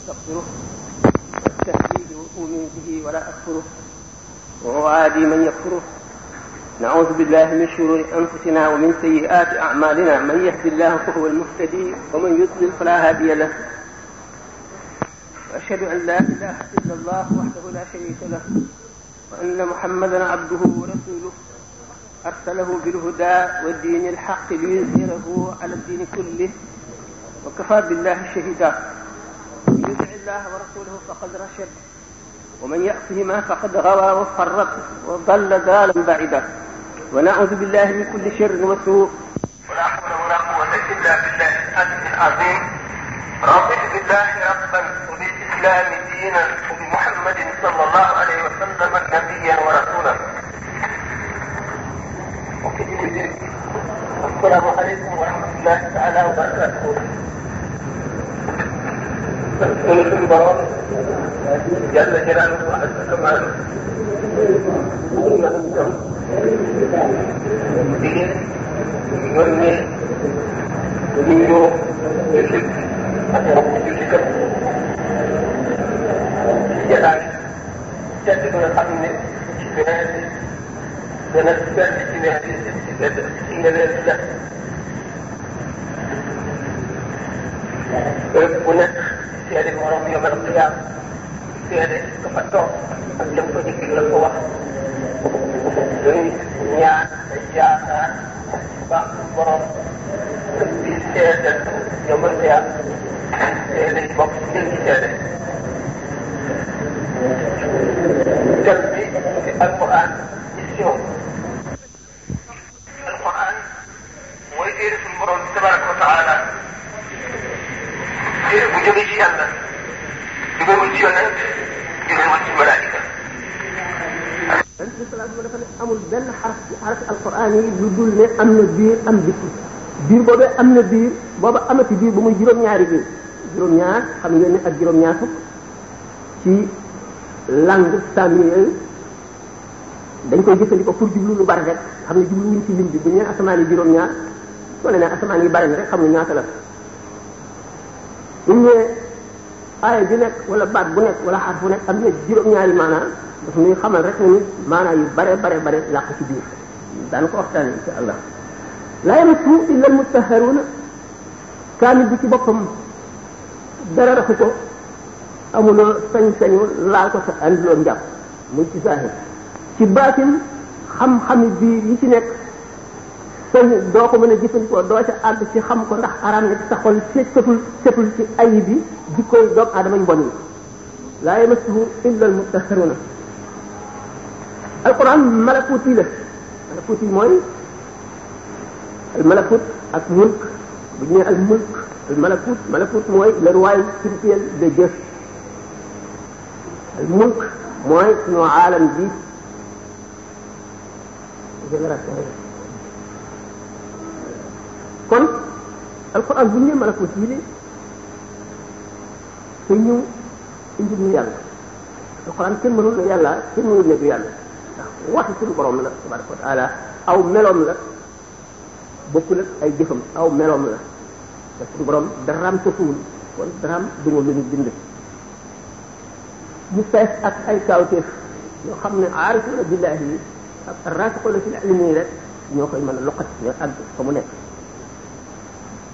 أستغفره واستهديه وأؤمن به ولا أكفره وأعادي من يكفره نعوذ بالله من شرور أنفسنا ومن سيئات أعمالنا من يهد الله فهو المهتدي ومن يضلل فلا هادي له وأشهد أن لا إله إلا الله وحده لا شريك له وأن محمدا عبده ورسوله أرسله بالهدى والدين الحق ليظهره على الدين كله وكفى بالله شهيدا الله ورسوله فقد رشد ومن يعصهما فقد غوى وفرط وضل ضالا بعيدا ونعوذ بالله من كل شر وسوء ولا حول ولا قوة إلا بالله العلي العظيم رضيت بالله ربا وبالإسلام دينا وبمحمد صلى الله عليه وسلم نبيا ورسولا السلام عليكم ورحمة الله تعالى وبركاته kon suñu borom yàlla jëlaat na wax ak amaan bu ñu naan itam jigéen ñoom ñi ñu ñoo jullit ak mbokk jullitam ci jataay tedd ba nga xam ne ci beneen bi dana benn ci neex bi ci benn ci ngeneen bi la bu nekk seede morom yomal xiyaam seede ka fa toog ak lam ko jëkk la ko wax luy ñaan ay yaakaar baax borom sëñ bi seede yomal xiyaam seede bopp jëngi seede jot bi ci alquran mission alquran mooy téere suñu borom bi tabaraka wa taala téere bu jógee ci yi am na biir am am na biir bu muy juróom-ñaari biir juróom-ñaar xam ngeen ak juróom-ñaar fukk ci langue sami dañ koy jëfandikoo pour jublu lu bari rek xam ne jublu wuñ ci lim bi bu ñu asamaan yi juróom-ñaar soo leen ne asamaan yi bari na rek xam ne ñaata la bu ñëwee aaya ju nekk wala baat bu wala xarfu nekk am na juróom-ñaari maanaa daf muy xamal rek ni maanaa yu bare bare bare làq ci biir daan ko waxtaanee insha allah laa yamassuhu illa al-mutahharuuna kaamil bi ci boppam dara raxu ko amuloo sañ-sañu ko sa andiloo njàpp muy ci saahir ci baatin xam-xami biir yi ci nekk sëñ doo ko mën a jëfandikoo doo ca àgg ci ko ndax araam na ci sa xol fekk setul setul ci ayib yi jikkooy doomu aadama yu bon yi al mutahharuna alquran malakuuti la malakuuti al malakut ak mulk bu ñu nee al mulk al malakut malakut mooy le roi spirituel de Dieu al bi alquran bu ñu mën a ko jiile te ñëw indi ñu yàlla alquran kenn mënul ne yàlla kenn mënul ne du yàlla waxi suñu borom la tabaraka wa taala aw meloom la bokkul ak ay jëfam aw meloom la te suñu daraam tëfuwul kon daraam du moom la ñu bind mu fees ak ay kawteef yoo xam ne aarifuna billahi ak raasixuna fil ilmi rek ñoo koy mën a loqat ñooy àgg fa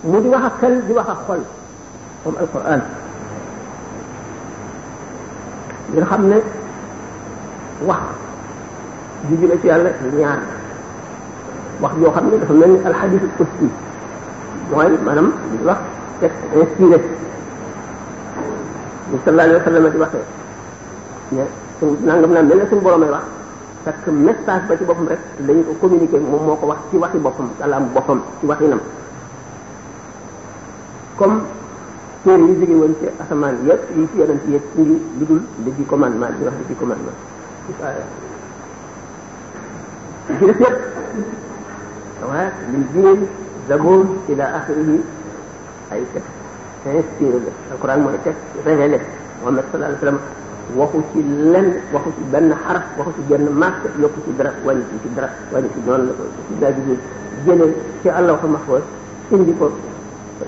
mu di wax ak xel di wax ak xol comme alquran ngir xam ne wax ju jële ci yàlla ñaar wax joo xam ne dafa mel ni alxadis qudsi mooy maanaam di wax texte inspiré bi sallallahu alayhi wa sallam di waxee ne suñ nangam naan mel ne suñ wax parce que message ba ci boppam rek dañu ko communiqué moom moo ko wax ci waxi boppam kàllaam boppam ci waxinam comme téere yi jóge woon ci asamaan yépp yi ci yonent yépp indi lu dul li ci commandement li wax li ci commandement li ci def yépp waaw li jiin zabour ila axirihi ay texte inspiré la alquran mooy texte révélé Muhammad sallallahu alayhi wasallam waxu ci lenn waxu ci benn xaraf waxu ci benn marque yokku ci dara wàññi ci dara wàññi ci noonu la ko ci daa jëlee ci àllah ko max indi ko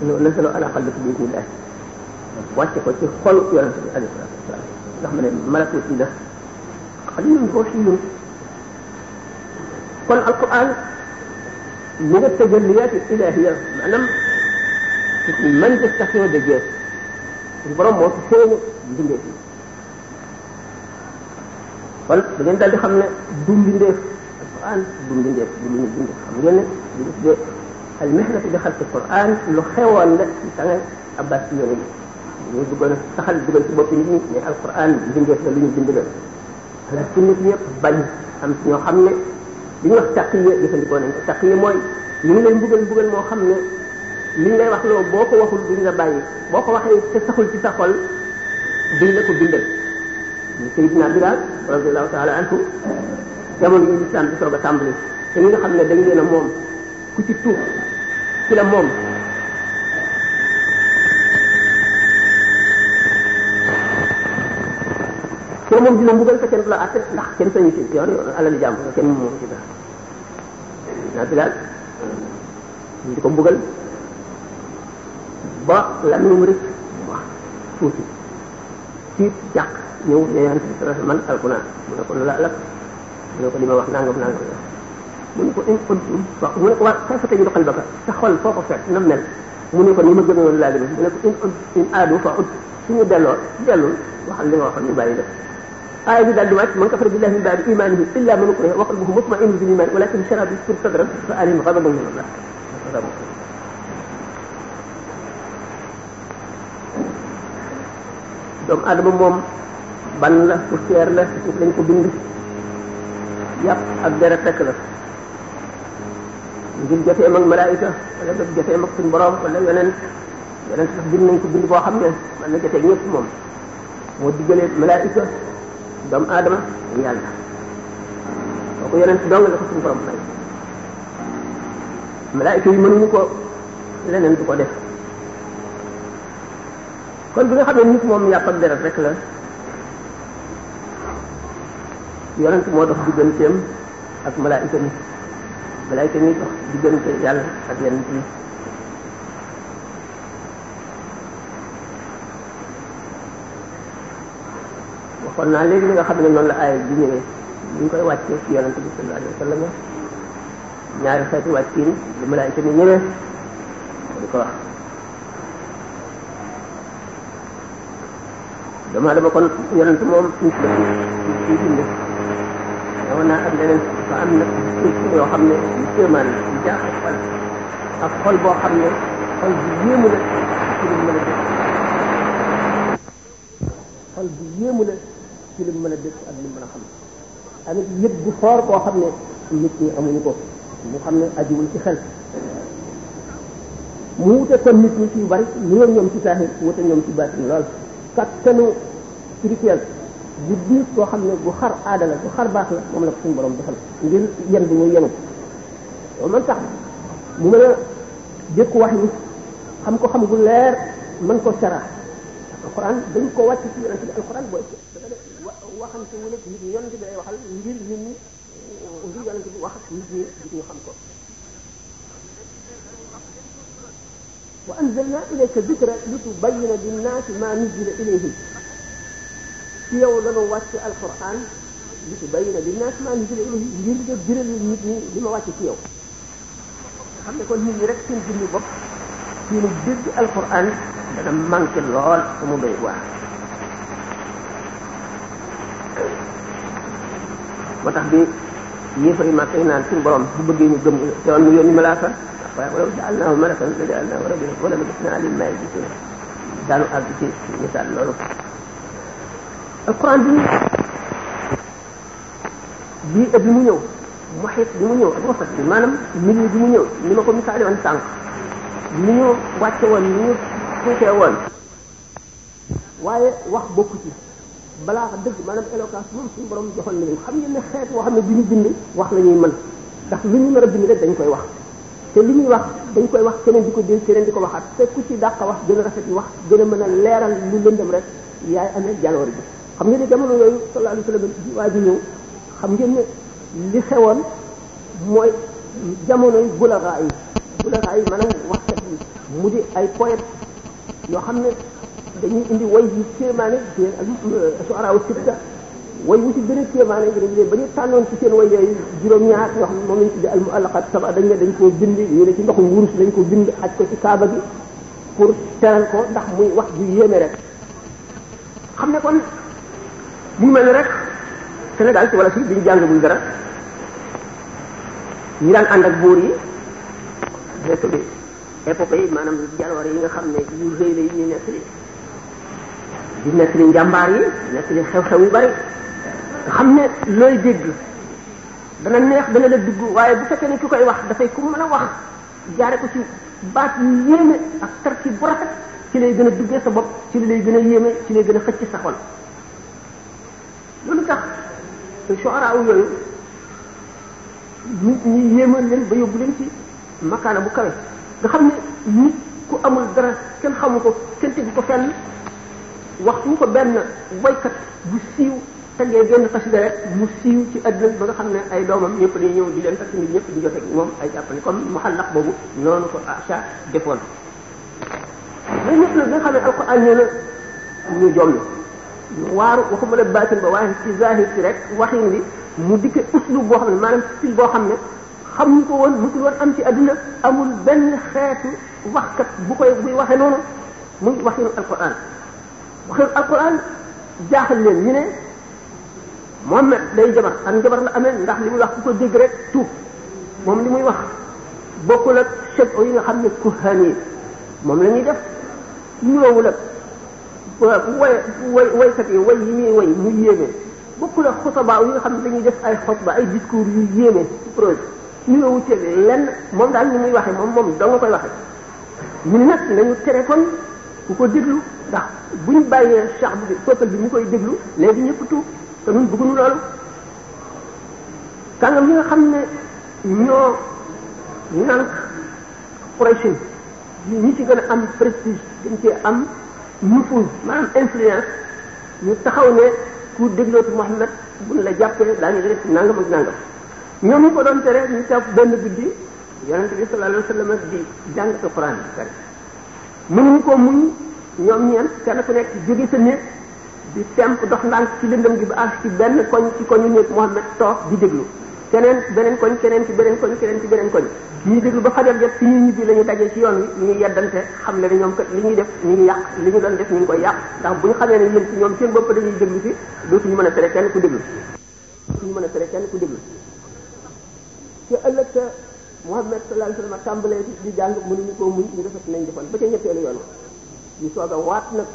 loolu la solo ala qalbika bi idnillah wàcce ko ci xolu yonent bi alayhi salaatu wasalaam nga xam ne malakut yi la xaliilun xashiyyun kon alquran min at-tajalliyat al-ilahiyya maanaam c'est une manifestation de Dieu suñu borom moo fi feeñu mbindeef yi kon da ngeen daal di xam ne du mbindeef alquran du mbindeef du lu ñu bind xam ngeen ne du almihnatu bi xalqi quran lu xewoon la ci sanga abbas yi yooyu ñu bëggoon a saxal dugal ci bopp nit ñi ne alquran bindeef la lu ñu bind la ak ci nit ñëpp bañ am ci ñoo xam ne li ñuy wax taqiya jëfandikoo moo xam ne li ñu lay wax loo boo ko waxul duñ la bàyyi boo ko waxee te saxul ci sa xol duñ la ko bindal Seydina Bilaal radiyallahu taala anhu jamono yi lislaam bi soog a tàmbali te ñi nga xam ne dañ leen a moom ku ci tuub ci la moom ci la moom dina mbugal te la kenn sañu ci yor alal jàmbur kenn moom ci dara naa bilaal ñu di ko ba lan mu wax tuuti tiit jàq ñëw ne yonent bi sallallahu alayhi wasallam man alku naa mu ne ko lu la mu ne ko li wax nangam nangam mu ne ko in kuntum waaw mu ne ko waa kayfa tajidu qalbaka sa xol foo ko fekk na mel mu ne ko ni ma gëmee woon laa gëmee mu ne ko in in aadu fa ut suñu delloo dellul waxal li nga waxoon ñu bàyyi def aaya bi daal di wàcc man kafara billahi min baadi imanihi illa man ukriha wa qalbuhu mutma'innun bil iman walakin sharaha bihi sadran fa alayhim ghadabun min allah doomu aadama moom ban la ku seer la suuf lañ ko bind yàpp ak deret rekk la ngir joteem ak malaayika wala nga joteem ak suñu borom wala yeneen yeneen sax bind nañ ko bind boo xam ne man na jotee ñëpp moom moo diggalee malaayika doomu aadama ak yàlla kooku yeneen si dong la ko suñu borom fay malaayika yi mënuñu ko leneen du ko def kon bi nga xam ne nit moom yàpp ak deret rek la yonent moo dox digganteem ak malaayika ni malaayka ñuy dox diggante yàlla ak yenn bi waxoon naa léegi li nga xam ne noonu la aaya bi ñëwee ñu koy wàccee ci yonante bi sallallahu alayhi wa sallam ñaari xeeti wàccin li malaayka ni ñëwee di ko wax dama dama kon yonante moom suñ suñ suñ suñ suñ suñ suñ suñ dafa am nag surtout yoo xam ne kéemaan la di jaaxal xol ak xol boo xam ne xol bu yéemu la ci lim a dëkk xol bu yéemu la ci lim a dëkk ak lim mën a xam amit yëg bu foor boo xam ne nit ñi amuñu ko mu xam ne ajuwul ci xel mu wute kon nit ñi ci bari ñu wute ñoom ci baatin lool kattanu spirituel bu diis koo xam ne bu xar aada la bu xar baax la moom la ko suñu borom defal ngir yen bi muy yenu loolu man tax mu mën a jëkk wax ni xam ko xam gu leer mën ko sara alquran dañ ko wàcc ci yonente bi alquran booy dafa def waxante wu nekk nit ñi yonente bi lay waxal ngir nit ñi ngir yonente bi wax ak nit ñi nit ñu xam ko wa anzalna ilayka dhikra litubayyina linnaasi ma nuzila ilayhim ci yow lanu wàcc alquran li ci bi na li naas maa nzila ilayhim ngir nga biral nit li ma wàcc ci yow xam ne kon nit ñi rek seen jëmmi bopp seenu dégg alquran dana manqué lool te mu doy waar moo tax bi yéefari ma kay naan suñu borom bu bëggee ñu gëm te woon mu yónni malaaka waaye walaw ja'alnaahu malakan la ja'alnaahu rajulan wa lamasnaa alayhim maa yalbisuun daanu àgg ci misaal loolu alquran bi bii ëpp bi mu ñëw muhit bi mu ñëw ak wasat bi maanaam milieu bi mu ñëw ni ma ko misaale woon sànq ni ñu wàcce woon ni ñu tuutee woon waaye wax bokku ci balaa dëgg maanaam éloquence moom suñu borom joxoon nañu xam ngeen ne xeet woo xam ne bi ñu bind wax la ñuy mën ndax lu ñu mën a bind rek dañ koy wax te lu ñuy wax dañ koy wax keneen di ko jël keneen di ko waxaat te ku ci dàq wax gën a yi wax gën mën a leeral lu lëndëm rek yaay amee jaloo bi xam ngeen ne jamono yooyu sallallahu alayhi wasallam waa ji xam ngeen li xewoon mooy jamonoy bularaa yi bularaa yi mu di ay poète yoo xam ne dañuy indi way yu kéemaane seen euh, suara wu sitta way wu ci gën a kéemaane dañu ba ñu tànnoon ci seen way yooyu juróom-ñaar yoo xam ne moom lañ tudde al muallaqat saba dañ ne dañ koo bind ñu ne ci ndoxu wurus dañ ko bindi aj ko ci kaaba gi pour teral ko ndax muy wax ju yéeme rek xam ne kon mu mel ni rek Sénégal ci wala fii duñ jàng buñ dara ñi daan ànd ak buur yi day tuddee épopée yi maanaam jaloore yi nga xam ne yu rëy la yi nekk li di nekk li njàmbaar yi nekk xew-xew yu bari nga xam ne looy dégg dana neex dana la dugg waaye bu fekkee ne ku koy wax dafay ku mën a wax jaare ko ci baat yu yéeme ak tarki bu rafet ci lay gën a duggee sa bopp ci lay gën a yéeme ci lay gën a xëcc sa xol loolu tax soxara wu yooyu nit ñi yéemal leen ba yóbbu leen ci makaana bu kawe nga xam ne nit ku amul dara kenn xamu ko kenn tegu ko fenn waxtu ko benn boykat bu siiw tegee benn xasida rek mu siiw ci àdduna ba nga xam ne ay doomam ñëpp dañuy ñëw di leen fekk nit ñëpp di jot ak moom ay jàppale comme muxallaq boobu noonu ko acha defoon. mais ñëpp nag nga xam ne alquran nee na ñu jomlu waaru waxuma la baatin ba waaye ci zahir ci rek waxin wi mu dikke uslub boo xam ne maanaam style boo xam ne xamuñ ko woon musul woon am ci adduna amul benn xeetu waxkat bu koy buy waxe noonu muy waxinu alquran waxinu alquran jaaxal leen ñu ne moom day jabar ak njabar la amee ndax li muy wax ku ko dégg rek moom li muy wax bokkul ak chef yi nga xam ne kuhaan yi moom la ñuy def ñëwul ak way way waykat yi way yi muy way mu yéeme bokkul ak xutaba yi nga xam ne dañuy def ay xutba ay discours yu yéeme projet nuyoowu ceeb lenn moom daal ni muy waxee moom moom da nga koy waxee ñu nag nañu tere kon ku ko déglu ndax ñu bàyyee cheikh bi peuple bi mu koy déglu léegi ñëpp tuub te ñun bëgguñu loolu kàngam ñi nga xam ne ñoo nànk projet ñi ci gën am prestige gën cee am nufus maanaam influence ñu taxaw ne ku déglootu Muhammad buñ la jàppee daañu def nangam ak nangam ñoom ñu ko doon tere ñu jàpp benn guddi yonente bi sallallahu alayhi wasallam di jàng alquran bi kare mënuñu ko muñ ñoom ñeent kenn ku nekk jóge sa néeg di temp dox ndànk ci lëndëm gi ba àgg ci benn koñ ci koñu néeg Muhammad toog di déglu keneen beneen koñ keneen ci beneen koñ keneen ci beneen koñ ñuy déglu ba fajar jot fi ñuy ñibbi la ñu ci yoon wi ñu ngi yeddante xam ne ni ñoom def ñu ngi yàq li ñu doon def ñu ngi koy yàq ndax bu ñu xamee ne yéen ci ñoom seen bopp dañuy déglu si dootuñu mën a tere kenn ku déglu dootuñu a tere kenn ku déglu te ëllëg ca Muhammad sallallahu alayhi wasallam tàmbalee di jàng mënuñu koo muñ ñu defat nañ defoon ba ca ñetteelu yoon ñu soog a waat nag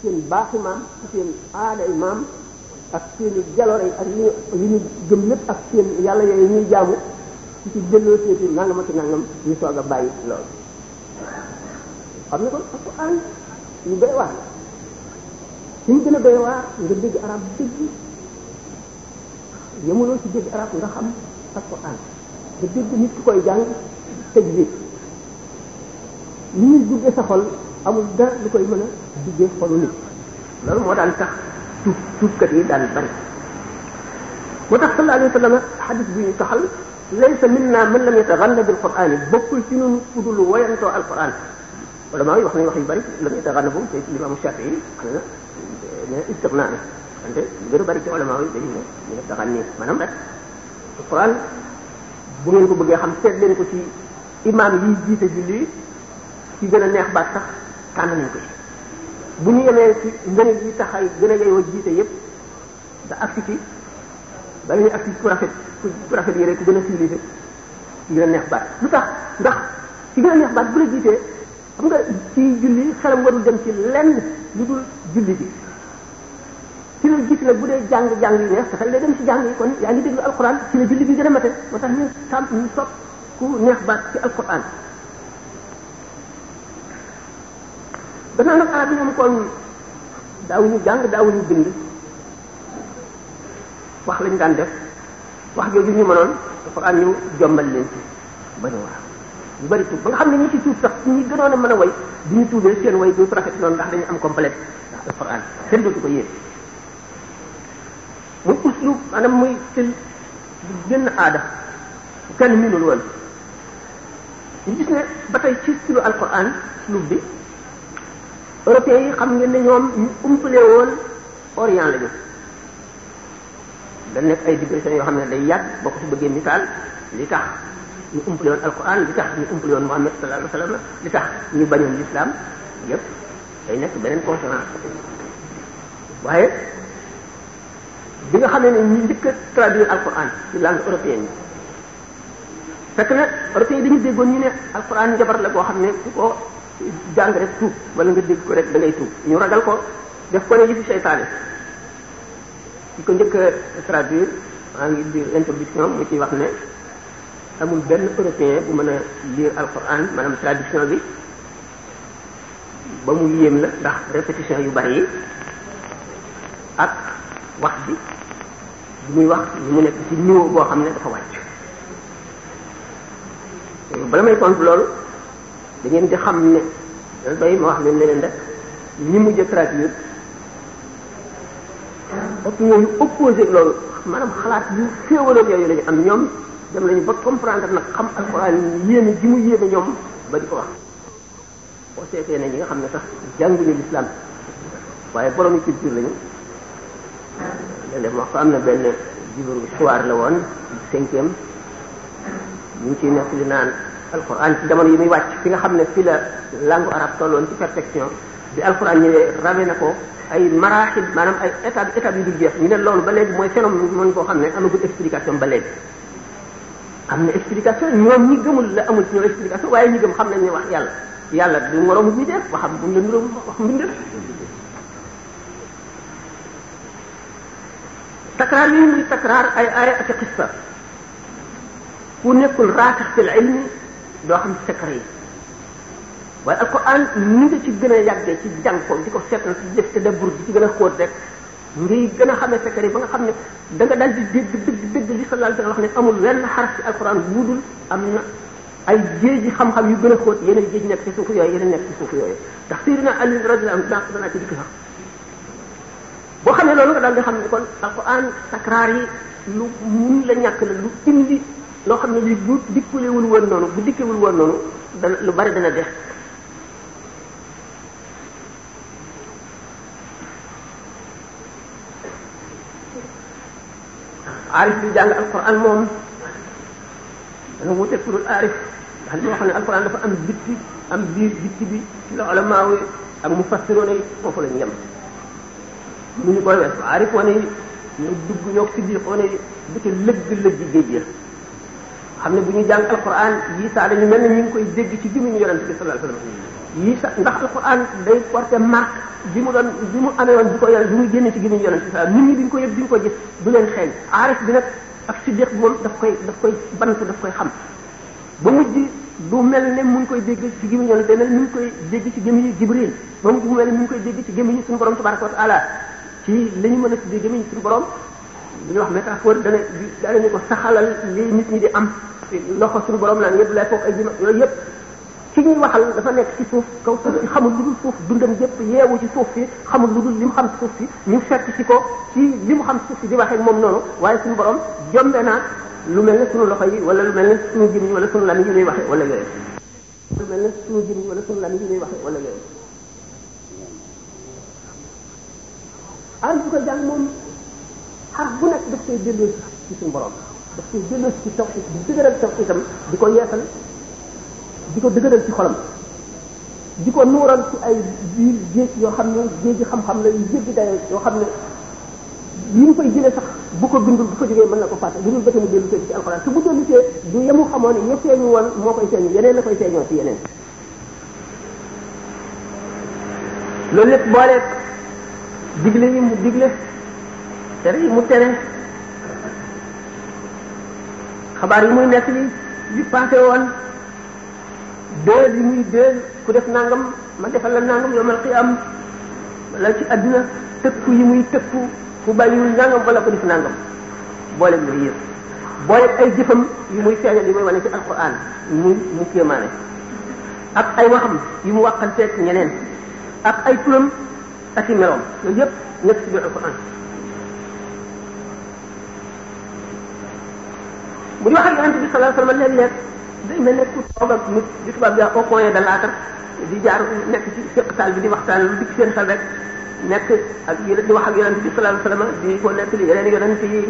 seen baaxi maam ci seen aaday maam ak seeni jaloore ak li ñu gëm lépp ak seen yàlla yooyu ñuy jaamu ci ci delloo seeti nangam ak nangam ñu soog a bàyyi loolu xam ne kon alquran ñu doy waar suñ gën a doy waar nga dégg arab dëgg yemuloo ci dégg arab nga xam alquran nga dégg nit ki koy jàng tëj bi ni ñuy duggee sa xol amul dara lu koy mën a duggee xolu nit loolu moo daan tax tuub yi daan bari moo tax sallallahu alayhi wa sallam xadis bi ñu taxal minna man lam yataganna bil quran yi bokkul ci ñun ku dul woyantoo alquran wala maa ngi wax yu bari lam yataganna boobu te imaamu Shafii yi xam na ne istigna na wante lu gën a bari ci ulama yi dañu ne ñu ne taxan nii maanaam rek alquran bu ngeen ko bëggee xam seet leen ko ci imaam yiy jiite julli ci gën a neex baat sax tànn nañ ko ci bu ñu yemee ci ngëneel yi tax ay gën a jiite yépp da agsi ci bala ñuy agsi ku rafet ku rafet yére ku gën a neex baat lu tax ndax ci gën a neex baat bu la jiitee xam nga ci julli xelam warul dem ci lenn lu dul julli bi ci la gis nag bu dee jàng jàng yi neex te xel day dem ci jàng yi kon yaa ngi déglu alquran ci la julli bi gën a mate moo tax ñu sàmm ñu sopp ku neex baat ci alquran gannaaw nag arab yi amu koon daawuñu daawuñu bind wax lañu daan def wax jooju ñu mënoon alxuraan ñu jombal leen ci ba ñu wax ñu bari tuub ba nga xam ne ñi ci tuub sax ñu gënoon a mën a way bu ñu tuubee seen way du rafet noonu ndax dañu am complexe ndax alxuraan kenn dootu ko yéen muy uslub maanaam muy tel bu génn aada bu kenn miinul woon ñu gis ne ba tey ci sulu alxuraan uslub bi européens yi xam ngeen ne ñoom ñu umpale woon orient la ñu da nekk ay digressions yoo xam ne day yàgg boo ko si bëggee misaal li tax ñu umpale woon alquran li tax ñu umpale woon Muhammad sallallahu alayhi ñu bañoon l'islam yépp day nekk beneen conférence waaye bi nga xam ne ñu njëkk a traduire alquran ci langue européenne yi fekk na européens yi dañu déggoon ñu ne alquran jabar la koo xam ne ku ko jàng rek tuub wala nga dégg ko rek da ngay ñu ragal ko def ko ne yëfi seytaane ci ko njëkk a traduire ngi biir introduction mu ciy wax ne amul benn européen bu mën a lire alquran maanaam traduction bi ba mu yéem la ndax répétition yu bari yi ak wax bi bi muy wax ñu mu nekk ci niwo boo xam ne dafa wàcc bala may tontu loolu da ngeen di xam ne loolu doy ma wax leen leen rek ñi mu jëkkëraat yëpp ëpp ñooñu opposé loolu xalaat yu féewaloon yooyu la ñu am ñoom dem nañu ba comprendre nag xam alxuraan yéene ji mu yéene ñoom ba di ko wax boo seetee ne ñi nga xam ne sax jànguñu lislaam waaye borom culture lañu léeg-léeg wax ko am na benn jibaru soir la woon cinquième ñu ngi ciy nekk li naan alquran ci jamono yi muy wàcc fi nga xam ne fi la langue arabe tolloon ci perfection bi alquran ñëwee rawee na ko ay maraaxil maanaam ay étape étape yu dul jeex ñu ne loolu ba léegi mooy phénomène mën koo xam ne amagul explication ba léegi am na explication ñoom ñi gëmul la amul ci ñoom explication waaye ñi gëm xam nañ ñu wax yàlla yàlla du moromu bi def waxam bu la nuróom wax mbindef takraar yi muy takraar ay aaya ak xissa ku nekkul raatax fil ilmi loo xam secret yi waaye alquran ni nga ci gën a yàggee ci jàng ko di ko seetal ci def te dabur di ci gën a xóot rek ngay gën a xamee secret yi ba nga xam ne da nga daal di dégg dégg dégg li sallallahu alayhi wa sallam wax ne amul wenn xaraf ci alquran bu dul am na ay géej yi xam-xam yu gën a xóot yeneen géej nekk ci suuf yooyu yeneen nekk ci suuf yooyu ndax Sayyidina Ali radiyallahu anhu danaa danaa ci dikk sax boo xamee loolu nga daal di xam ne kon alquran sakraar yi lu mun la ñàkk la lu li loo xam ne lii bu dikkulewul woon noonu bu dikkewul woon noonu dana lu bari dana def aarif bi jàng alquran moom dana wute ku dul aarif ndax li ma xam ne alquran dafa am bitti am biir bi ci la ulamaa yi ak mufassiroon yi foofu lañu yem mu ñu koy wees aarif wane yi ñoo dugg ñoo si yi bu ca lëgg lëgg géej xam ne bu ñu jàng alquran yii saa dañu mel ne ñu ngi koy dégg ci gémmiñ yonent bi sallallahu alayhi wasallam yii sa day porté marque bi mu doon bi mu amee woon bi ko yonent bi muy génne ci gémmiñu yonent bi sallallahu ko leen xeeñ aarif bi nag ak siddiq bi daf koy daf koy bant koy xam ba mujj du mel ne mu ngi koy dégg ci gémmiñu yonent day mel mu ngi koy dégg ci gémmiñu jibril ba mujj mu mel ne mu ngi koy dégg ci gémmiñ suñu borom tabaraka wa taala ci li mën a tuddee gémmiñu suñu borom li ñuy wax métaphore dana dana ñu ko saxalal li nit ñi di am loxo suñu borom naan yëpp lay foog ay jima yooyu yëpp ci ñuy waxal nekk ci suuf kaw suuf xamul lu dundam yëpp yeewu ci suuf si xamul lu dul li mu xam ñu fekk ci ko ci li mu xam suuf si di waxee moom noonu waaye suñu naa lu mel ne suñu loxo yi wala lu mel ne suñu jëm yi wala suñu lam yi ñuy lu mel ne suñu jëm yi wala suñu lam wala yooyu xar bu nekk daf koy delloo ci suñu borom koy delloo ci taw di dëgëral taw itam di ko yeesal di ko dëgëral ci xolam di ko nuural ci ay biir géej yoo xam ne ji xam-xam la yu jéggi dayoo yoo xam ne li mu koy jëlee sax bu ko bindul bu ko jógee mën na ko fàtte bindul bëte mu dellu see su bu dellu see du yemu xamoo ne ya woon moo koy feeñu yeneen la koy feeñoo ci yeneen loolu lépp booleeg digle yi mu digle tere yi mu tere xabaar yi muy nekk li yu passé woon dël yi muy dël ku def nangam ma defal la nangam yomal xiyaam wala ci àdduna tëkku yi muy tëkku ku bàyyiwul nangam wala ko def nangam boole yooyu yëpp ay jëfam yu muy feeñal yu muy wane ci alquran mu mu kéemaane ak ay waxam yu mu wàqanteeg ñeneen ak ay turam ak i meloom yooyu yëpp nekk ci biir alquran bu ñu wax ak yonent bi sallallahu alayhi wasallam léeg-léeg day mel ne ku toog ak nit di tubaab bi au point de l'âtre di jaar nekk ci féq taal bi di waxtaan lu di wax ak yonent bi sallallahu alayhi wasallam di ko nekk li yeneen yonent yi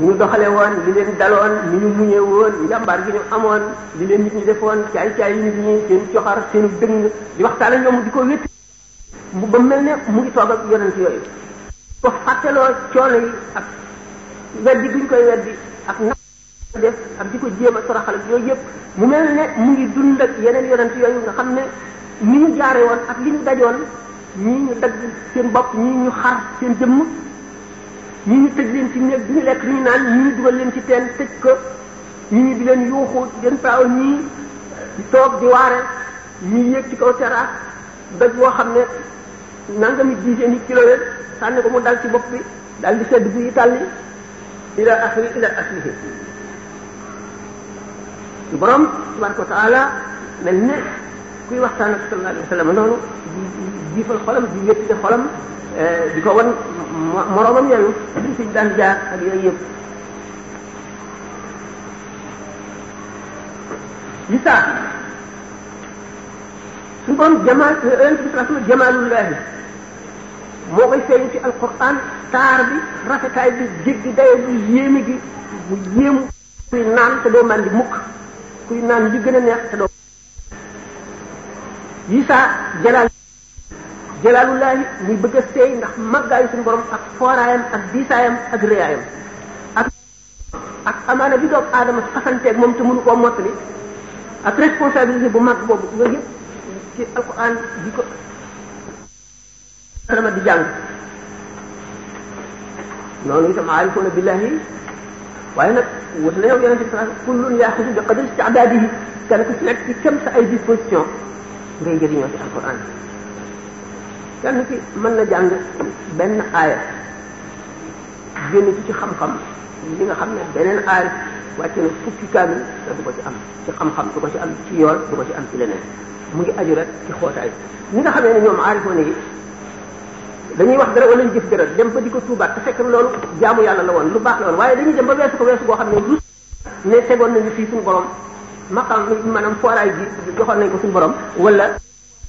ñu doxale woon li leen daloon ni ñu muñee woon njàmbaar gi ñu amoon li leen nit ñi defoon caay caay yi nit ñi seen coxar seen dëng di waxtaan ak ñoom di ko wétti mu ba mel ne mu ngi toog ak yonent yooyu ko fàtteloo coono yi ak weddi bi ñu koy weddi ak def ak di ko jéem a soraxal ak yooyu yëpp mu mel ne mu ngi dund ak yeneen yonent yooyu nga xam ne ni ñu jaare woon ak li ñu dajoon ñii ñu dagg seen bopp ñii ñu xar seen jëmm ñii ñu tëj leen ci néeg bi ñu lekk ñu naan ñu dugal leen ci teen tëj ko ñii ñu di leen yuuxu leen taaw ñii toog di waare ñii yéeg ci kaw terrasse doj boo xam ne nangami dizaine yi kilomètre sànni ko mu dal ci bopp bi dal di sedd bu yi tàlli ila axri ila axrihi ci borom tabaraka mel ne kuy waxtaan ak sallallahu alayhi wa sallam noonu di jiifal xolam di yëkkati xolam di ko wan moroomam jaar ak yooyu yëpp li su borom jamaal yonent bi sallallahu alayhi wa sallam jamaalullahi moo koy feeñ ci taar bi rafetaay bi jéggi dayo bi yéeme gi bu yéemu kuy naan te doo màndi mukk kuy naan li gën a neex te doo Isa jalaal jalaalullaahi muy bëgg a seey ndax màggaayu suñu borom ak fooraayam ak diisaayam ak réyaayam ak amaana bi doom aadama fasanteeg moom te mënu koo mottali ak responsabilité bu mag boobu yooyu yëpp ci alquran di ko adama di jàng noonu itam aarifuuna billahi waaye nag wut na yow yonent bi sallallahu alayhi wasallam kullun yaaxudu bi qadri isti'daadihi kenn ku ci nekk ci kem sa ay disposition ngay jëriñoo ci alquran kenn ci mën na jàng benn aaya génn ci ci xam-xam li nga xam ne beneen aaya wàcce na fukki kaamil te du ko ci am ci xam-xam du ko ci am ci yoon du ko ci am ci leneen mu ngi aju rek ci xootaay ñi nga xamee ne ñoom aarifoon yi dañuy wax dara wala ñu jëf dara dem ba di ko tuubaat te fekk loolu jaamu yàlla la woon lu baax la waaye dañuy dem ba weesu ko weesu boo xam ne rus ne tegoon nañu fii suñu borom maqam maanaam fooraay bi joxoon nañ ko suñu borom wala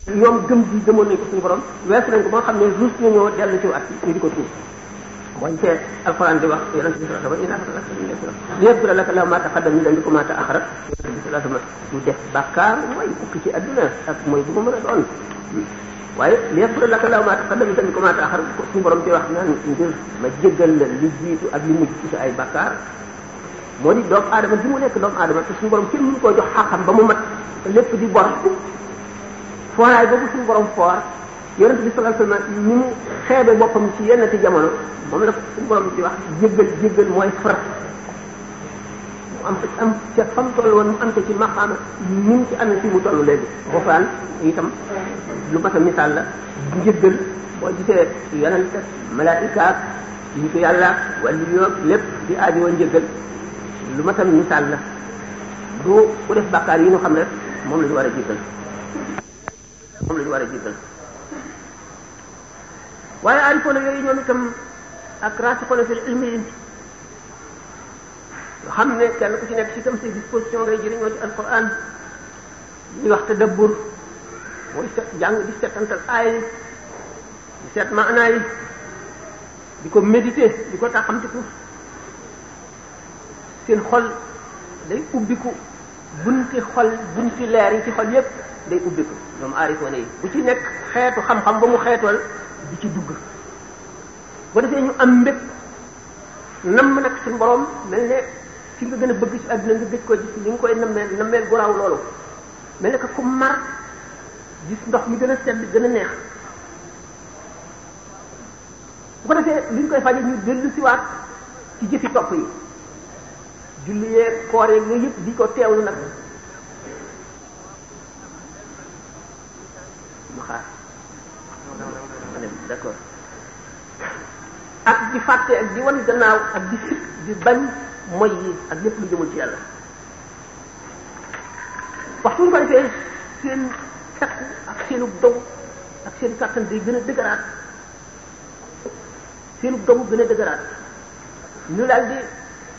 ñoom gëm bi gëmoon nañ ko suñu borom weesu nañ ko ba nga xam ne rus nañoo dellu ci waat ñu di ko tuub mooñ te alquran di wax yonente bi sallallahu alayhi wa sallam liyaghfira laka lahu ma taqaddama min dhanbika wa ma ta'akhkhara yonente bi sallallahu alayhi wa sallam def bàkkaar way ukki ci adduna ak mooy bu ma mën waaye lépp laka law maa taqaddama min dhanbika wa maa ta'akhkhar suñu borom di wax naan ngir ma jéggal la li ak li mu ci ay bakkaar moo di doomu aadama bi mu nekk doomu aadama te suñu borom kenn koo jox xaqam ba mu mat te lépp di bor fooraay boobu suñu borom foor yonent bi sallallahu alayhi wasallam ni mu xeebe boppam ci yenn ti jamono moom la suñu borom di wax jéggal jéggal mooy far am am ca fam toll woon mu am ca ci maqaama ni mu ci amee fii mu toll léegi bofaan itam lu mat misaal la njëggal boo gisee yonent malaayikaak yi ko yàlla wàllu yoo lépp di aajowoo njëggal lu mat a misaal la du ku def bàkkaar yi ñu xam rek moom la ñu war a jiital waaye aarifoona yooyu ñoom itam ak raasixoona fil ilmi nga xam ne kenn ku ci nekk ci tam say disposition ngay jëriñoo ci alquran ñuy wax tadabbur mooy set jàng di setantal aay yi di seet maanaa yi di ko méditer di ko taxamtiku seen xol day ubbiku bunti xol bunti leer yi ci xol yépp day ubbiku ñoom aarifoone yi bu ci nekk xeetu xam-xam ba mu xeetool di ci dugg bu defee ñu am mbépp namm nag suñu borom mel ne ki nga gën a bëgg ci àdduna nga gëj ko gis ni nga koy nammeel nammeel gu loolu mel ne que ku mar gis ndox mi gën a sedd gën a neex bu ko defee li ñu koy faje ñu dellu siwaat ci jëfi topp yi julli yeeg koor yëpp di ko teewlu nag ma xaar d'accord ak di fàtte ak bañ moy yi ak lépp lu jëmul ci yàlla waxtu ñu ko defee seen takku ak seenu dogu ak seen kàttan day gën a dëgëraat seenu dogu gën a dëgëraat ñu daal di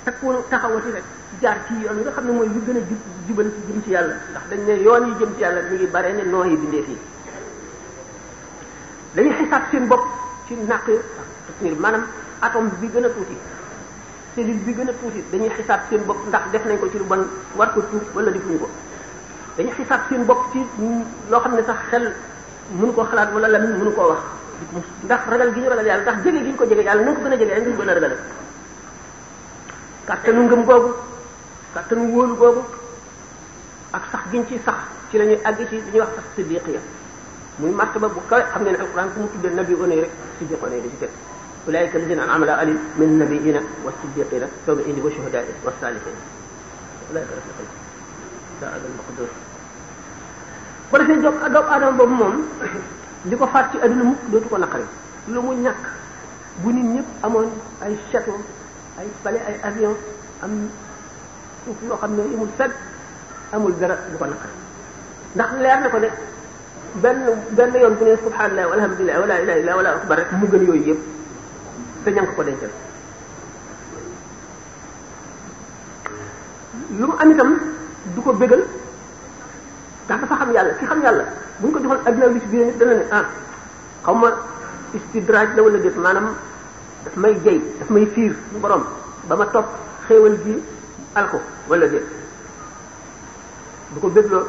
takkuwoon taxawati rek jaar ci yoon yi nga xam ne mooy lu gën a jub jubal jëm ci yàlla ndax dañ ne yoon yi jëm ci yàlla mi ngi bare ne noo yi bindee fii dañuy xisaab seen bopp ci naq ak maanaam atome bi gën a tuuti cellule bi gën a tuuti dañuy xisaab seen bopp ndax def nañ ko ci lu bon war ko tuub wala defuñ ko dañuy xisaab seen bopp ci loo xam ne sax xel mënu ko xalaat wala la mënu koo wax ndax ragal gi ñu ragal yàlla ndax jege gi ñu ko jege yàlla na ko gën a jege ay ngir gën a ragale kàttanu ngëm googu kàttanu wóolu googu ak sax giñ ci sax ci la ñuy àgg ci li wax sax siddiqiya muy martaba bu kawe xam ngeen alquran ku mu tuddee nabi onay rek siddiq onay ulaika alladina an'ama Allahu alayhim min an-nabiyina was-siddiqina sawmi-in wa shuhada'i was-salihin ulaika rafiqul sa'adul maqdur ba defee jóg doomu aadama boobu moom li ko faat ci adduna mukk dootu ko naqari lu mu ñàkk bu nit ñëpp amoon ay château ay palais ay avion am suuf loo xam ne amul fekk amul dara du ko naqari ndax leer na ko ne benn benn yoon bu ne subhanallah walhamdulillah wala ilaha illa wala akbar rek mu gën yooyu yëpp te ña ko dencal lu mu am itam du ko bégal ndax dafa xam yàlla ki xam yàlla bu ñu ko joxoon adduna bi ci biir nit dana ne ah xaw ma istidraaj la wala déet maanaam daf may jey daf may fiir borom ba ma topp xéewal gi alko wala déet du ko bégloo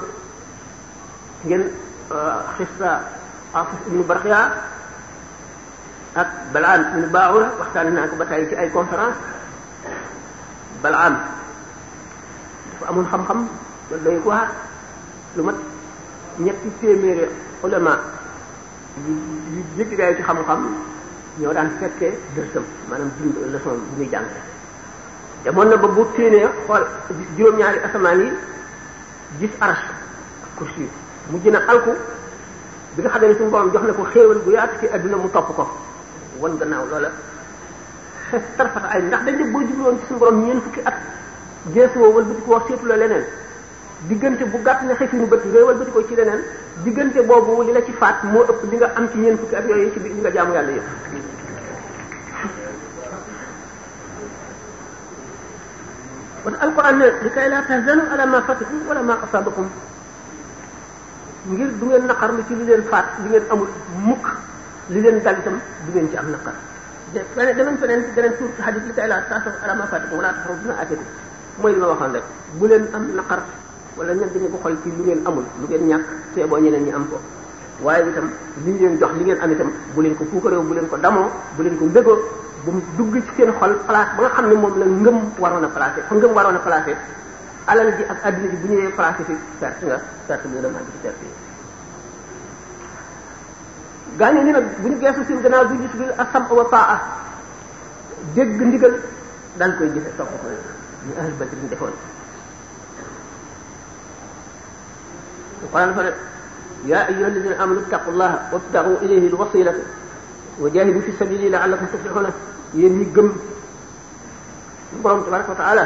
ngeen euh, xista afis ibnu barxiya ak Balaam ibn Baawura waxtaane naa ko ba tàyyi ci ay conférence Balaam dafa amoon xam-xam ba doy waar lu mat ñetti téeméeri ulama yu jéggi daay ci xam-xam ñoo daan fekkee dërsam maanaam bind leçon bi muy jàng demoon na ba bu téenee xool juróom-ñaari asamaan yi gis arsh ak kursi mujj na alku bi nga xam ne suñu borom jox na ko xéewal gu yaatu ci adduna mu topp ko wan gannaaw loola tarfata ay ndax dañ ne boo jubloon ci suñu borom fukki at geesuwoo walbati ko wax seetu la leneen diggante bu gàtt ne nga xefinu bët ngay walbati ko ci leneen diggante boobu li la ci faat moo ëpp li nga am ci ñeent fukki at yooyu ci biir li nga jaamu yàlla yëpp kon alquran ne li kay la tahzanu ala ma fatikum wala ma asabakum ngir du ngeen naqarlu ci li leen faat li ngeen amul mukk li leen dal itam du ngeen ci am naqar de fene demen feneen beneen tuur ci xadis li tay laa saa sof alama ma waxoon leen am naqar wala ñen dañu ko xol ci lu ngeen amul lu ngeen ñàkk teeboo ñeneen ñi am ko waaye itam leen jox li ngeen am itam bu leen ko puukareew bu leen ko damoo bu leen ko mbégoo bu dugg ci seen xol place ba nga xam ne moom la ngëm waroon a placé fa ngëm waroon a placé alal ji ak adduna ji bu ñëwee placé fi perte nga perte bi nga dem ak ci perte gaa ñi nag bu ñu geesu seen gannaaw bi ñu ak xam wa paa dégg ndigal daan koy jëfe topp ko ñu ahlu badri ñu defoon alquran fa ne yaa ayyuha alladina amanu ittaqullaha wabtagu ilayhi alwasilata wa jahidu fi sabili laallakum tuflixuna yéen ñi gëm borom tabaraka wa taala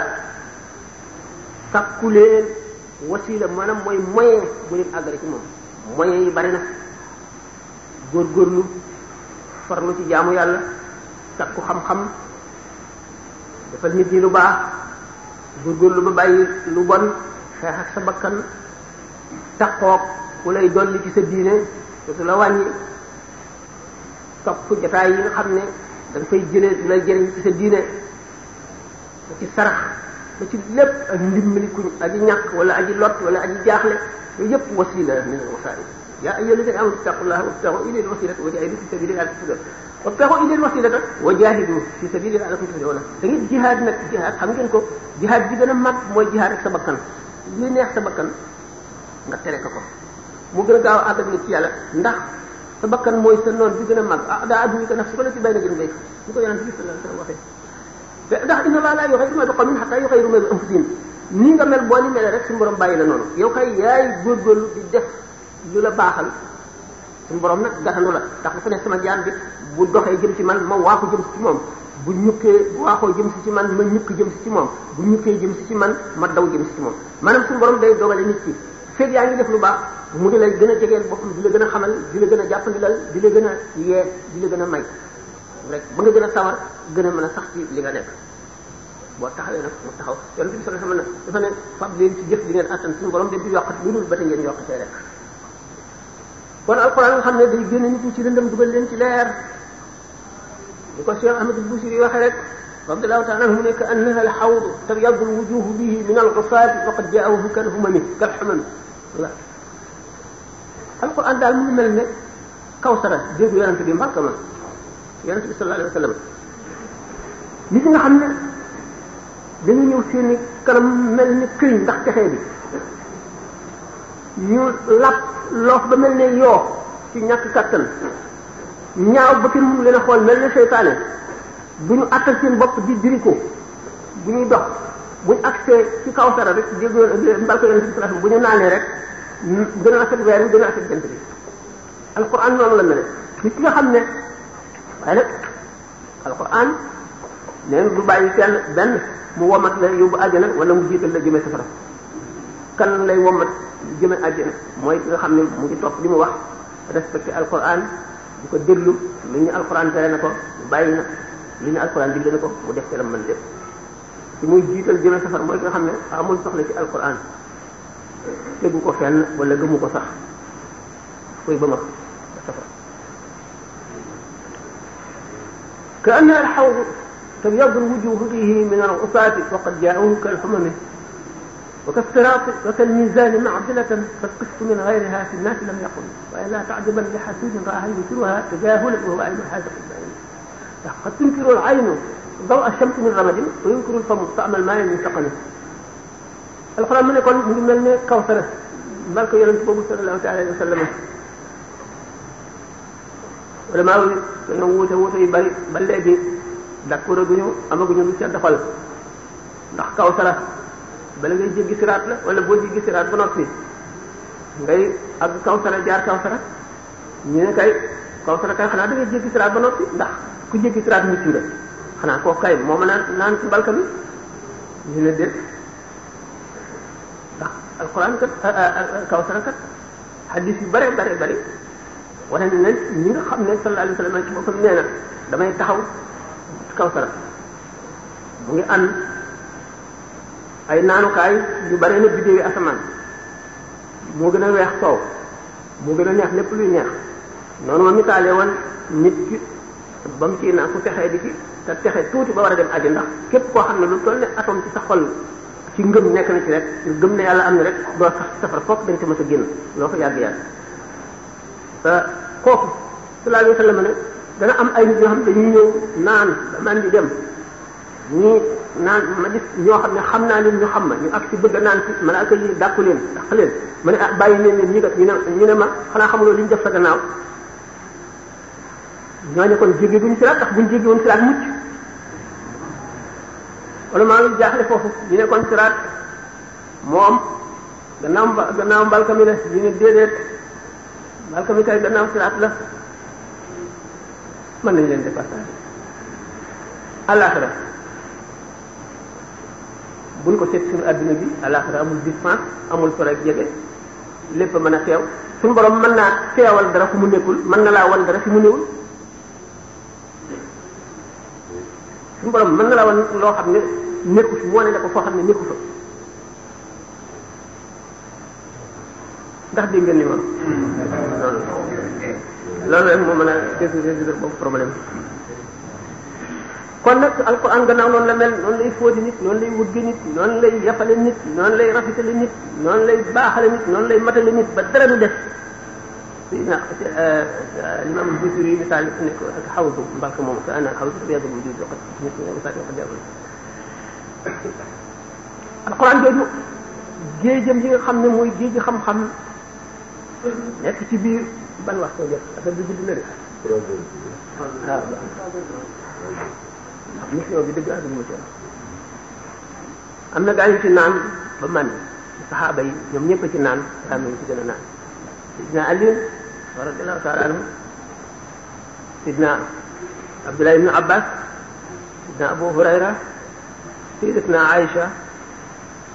takku leen wasila maanaam mooy moyen bu leen àggale ci moom moyen yi bari na góor góorgóorlu farlu ci jaamu yàlla takku xam-xam defal nit ñi lu baax góorgóorlu ba bàyyi lu bon xeex ak sa bakkan takkook ku lay dolli ci sa diine su la wàññi topp jataay yi nga xam ne da nga fay jëlee du lay jëriñ ci sa diine ba ci sarax ba ci lépp ak ndimbali kuñ aji ñàkk wala aji lot wala aji jaaxle yooyu yëpp wasila min wasail yaa ayyuha alladhina amanu ittaqullaha wabtaghu ilayhi alwasilata wajaahidu fi sabilillahi la'allakum turhamun wabtaghu ilayhi alwasilata wajaahidu fi sabilillahi jihaad nag jihaad ko jihaad bi gën a mag mooy jihaad ak sa bakkan li neex sa bakkan nga tere ko ko mu gën a gaaw a àgg ak yàlla ndax sa bakkan mooy sa noon bi gën a mag ah daa addu ko ndax ko la ci bay na gën bay ñu ko yonent bi sallallahu alayhi wasallam waxee te ndax inna bi qawmin hatta nii nga mel boo ni rek suñu borom bàyyi la noonu yow kay yaay góorgóorlu lu la baaxal suñu borom nag gatandu la ndax dafa ne sama jaam bi bu doxee jëm ci man ma waaxu jëm ci moom bu ñukkee bu waaxoo jëm si ci man ma ñukk jëm ci moom bu ñukkee jëm si ci man ma daw jëm si ci moom maanaam suñu borom day dogale nit ki feeg yaa ngi def lu baax mu di lay gën a jegeel boppam di la gën a xamal di la gën a jàppandilal di la gën a yee di la gën a may rek ba nga gën a sawar gën a mën a sax ci li nga nekk boo taxawee nag mu taxaw yonent bi sallallahu alayhi wasallam dafa ne fab leen ci jëf di ngeen attan suñu borom de du yokkat lu dul ba kon alxuraan nga xam ne day génn nit ñi ci lëndëm dugal leen ci leer li ko Cheikh Ahmad Busiri waxe rek radiyallahu ta'ala anhu ne ka annaha al-hawd tabyaddu al-wujuhu bihi min al-ghuffaat wa qad jaa'uhu kal-humami kal-humami voilà alxuraan daal mu ngi mel ne kawsara déggu yonent bi mbàkk ma yonent bi sallallahu alayhi wa sallam nit ñi nga xam ne dañu ñëw seeni kanam mel ni këñ ndax texee bi ñu lap loof ba mel ne yoo ci ñàkk kattan ñaaw ba kenn mënu leen xool mel ne seytaane bu ñu attal seen bopp di diri ko bu ñuy dox bu ñu agsee ci kaw sara rek jéego mbal ko yoon si bu ñu naanee rek gën a rafet weer bi gën a rafet jant bi alquran noonu la mel nit ki nga xam ne waaye nag alquran neen du bàyyi kenn benn mu womat la yóbbu àjjana wala mu jiital la jëmee safara kan lay womat jëme àjjana mooy ki nga xam ne mu ngi topp li mu wax respecté alquran bu ko déglu lu ñu alquran tere na ko mu bàyyi na lu ñu alquran digle na ko mu def ci la mën lépp ci muy jiital jëme safar mooy ki nga xam ne amul soxla ci alquran tegu ko fenn wala gëmu ko sax koy ba ma safar ka anna alxawd tabyadu wujuhu fihi min al usaati waqad jaa'uhu kal xumami وكالصراط وكالميزان معضلة فالقسط من غيرها في الناس لم يقل وإلا تعجبا لحسود رآها ينكرها تجاهلا وهو أيضا حاذق البعيد قد تنكر العين ضوء الشمس من رمد وينكر الفم طعم الماء من سقنه alxuraan mu ne kon mu ngi mel ne kawsara barke yonent boobu sallallahu taala alayhi wa sallam wala maa ngi dañoo wuute wuute yu bari ba léegi d'accord guñu amaguñu lu ci defal ndax kawsara bala ngay jéggi siraat la wala boo jéggi siraat ba noppi ngay ak kawsara jaar kawsara ñu ne kay kawsara kay xanaa da ngay jéggi siraat ba noppi ndax ku jéggi siraat mucc la xanaa kooku kay ci balka bi ñu ne déet ndax alquran kat kawsara kat hadis yu bare bare bare wane ñi nga xam ne sallallahu alayhi wa nee na damay taxaw kawsara mu ngi ànd ay naanukaay yu bare na biddéew yi asamaan moo gën a weex soow moo gën a neex lépp luy neex noonu ma misaale woon nit ki ba mu ciy ku texee di ci te texe tuuti ba war a dem aji ndax képp koo xam ne lu toll ne atom ci sa ci ngëm nekk na yàlla am na rek doo dañ ci mën a génn loo yàgg yàgg kooku sallallahu alayhi wa sallam ne dana am ay nit ñoo xam dañuy ñëw naan ba man di dem ñii naan ma gis ñoo xam ne xam naa leen xam ma ni ak si bëgg naan si malaaka yi dàqu leen dàq leen ma ne ah bàyyi leen leen ñi kat ñu ne ma xanaa xam li ñu def sa gannaaw ñooñu kon jéggi duñ siraat ndax buñ jéggi woon siraat mucc wala maa ngi jaaxle foofu ñu ne kon siraat moom gannaaw mba gannaaw mbalka mi la ñu ne déedéet mbalka mi kay gannaaw siraat la mën nañ leen départage àllaaxira buñ ko seet suñu adduna bi alaxira amul distance amul sore ak jege lépp mën a teew suñu borom mën naa teewal dara fu mu nekkul mën na laa wal dara fi mu newul suñu borom mën na laa wan loo xam ne nekku fi wane ne ko foo xam ne nekku fa ndax dégg ngeen li ma loolu rek moo mën a résoudre boobu problème kon nag alquran gannaaw noonu la mel noonu lay fóoti nit noonu lay nit noonu lay yafale nit nit noonu lay baaxale nit nit ba dara du def sidna euh, euh, imam Busiri yi misaal ne ko ak xawdu mbalk moom ka ana xawdu biyadu bu jud qad misaal ko dewul alquran jooju géejam yi nga xam ne mooy géeji xam-xam nekk ci biir ban wax ko jot affaire bi gudd na de mission bi dëgg ak moo ci am am na gaa ñu ci naan ba man saxaaba yi ñoom ñëpp a ci naan am nañu ci gën a naan sidna Ali radiyallahu taala anhu sidna Abdullah ibn Abbas sidna Abu Hurayra sayyidatna Aïcha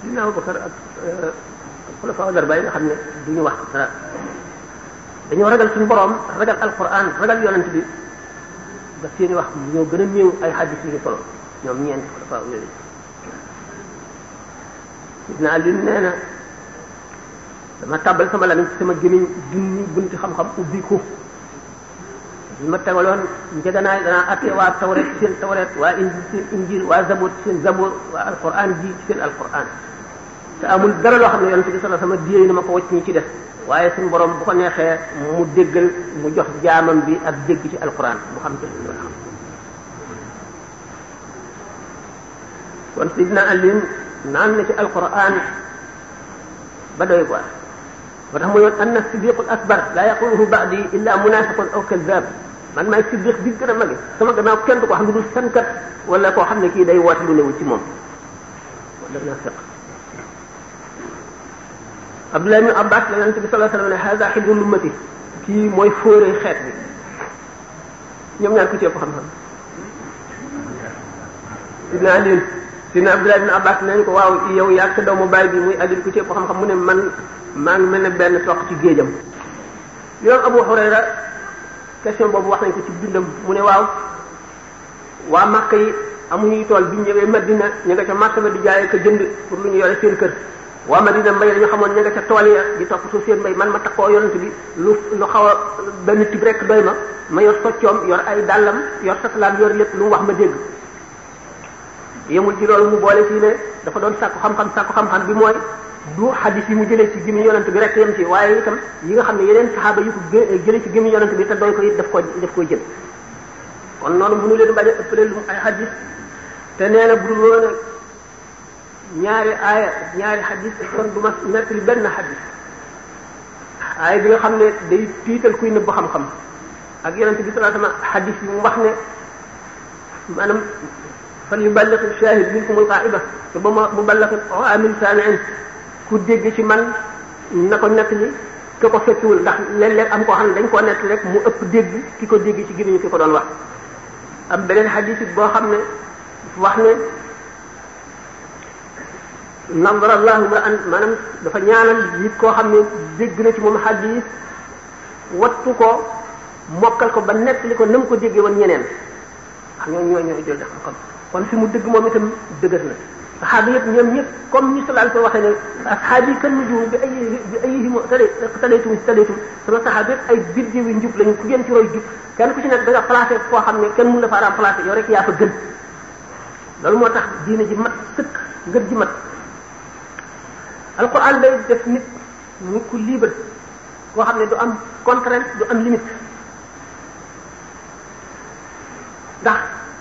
sidna Abu Bakar al-arba'a euh, yi nga xam ne duñu wax dara dañoo ragal bi ba seeni wax ñoo gën a néew ay xadis yi ñu solo ñoom ñeent xulafaa yooyu Ibn Ali nee na dama tàbbal sama lamiñ ci sama gémmiñ junni bunti xam-xam ubbi ko li ma tegaloon njëganaay danaa atte waa tawret ci seen tawret waa injil ci seen injil waa zaboor ci seen zaboor waa alquran ji ci seen alquran te amul dara loo xam ne yonente bi sallallahu alayhi wasallam diye na ma ko wacc ñi ci def waaye suñu borom bu ko neexee mu déggal mu jox jaamam bi ak dégg ci alquran mu xam ci lu xam kon sidna alin naan na ci alquran ba doy quoi ba tax mu yoon anna siddiqul akbar la yaquluhu ba'di illa munafiqun aw kadhab man maay siddiq bi gën a magi sama gannaaw kenn du ko xam ne du sankat wala koo xam ne kii day woote lu newul ci moom wala nafiq Abdullah ibn Abbas la yonente bi sallallahu alayhi wa sallam ne hada xibru kii mooy fóoree xeet bi ñoom ñaar ku ci ëpp xam-xam Ibn Ali Sidna Abdullah ko waaw yow yaa sa doomu baay bi muy Ali ku ci ëpp xam-xam mu ne man maa ngi mel ne benn toq ci géejam yoon Abu Hurayra question boobu wax nañ ko ci dundam mu ne waaw waa Màkka yi amuñuy tool bi ñëwee Madina ñu nga ca Màkka ba di jaayee ko jënd pour lu ñu yore seen kër waa Madina mbay la xamoon ña ca tool ya di toppatoo seen mbay man ma takkoo yonent bi lu lu xaw a benn tib rek doy ma ma yor soccoom yor ay dàllam yor satalaam yor lépp lu mu wax ma dégg yemul ci loolu mu boole ci ne dafa doon sàkku xam-xam sàkku xam-xam bi mooy du xadis yi mu jëlee ci gémmiñ yonent bi rek yem ci waaye itam yi nga xam ne yeneen saxaaba yu ko jëlee ci gémmiñ yonent bi te doy ko it daf ko daf koy jël kon noonu mënu leen bañ a ëppale lu ay ñaari aaya ñaari xadis kon du ma nettali benn xadis aaya bi nga xam ne day tiital kuy nëbb xam-xam ak yonente bi sallallahu alayhi wasallam xadis yi mu wax ne maanaam fal a shahid minkum al-qa'iba te ba ma muballigh amin sami'in ku dégg ci man na ko nettali ki ko fekkiwul ndax léeg-léeg am ko xam ne dañ koo nett rek mu ëpp dégg ki ko dégg ci gémmiñu ki ko doon wax am beneen xadis boo xam ne wax ne nambara allahu ma an maanaam dafa ñaanal nit koo xam ne dégg na ci moom xadis wattu ko mokkal ko ba nekk li ko na ko déggee woon ñeneen xam ñoo ñoo ñooy jooju xam-xam kon fi mu dëgg moom itam dëgër na saxaaba yëpp ñoom ñëpp comme ni salal ko waxee ne asxaab yi kan mu jiw bi ay bi ay himo tale talaytum talaytum sama saxaaba yëpp ay biddiw yu njub lañu ku gën ci roy jub kenn ku ci nekk da nga placé koo xam ne kenn mun la faa remplacé yow rek yaa fa gën loolu moo tax diine ji mat sëkk ngër ji mat alquran day def nit nit ku libre koo xam ne du am contrainte du am limite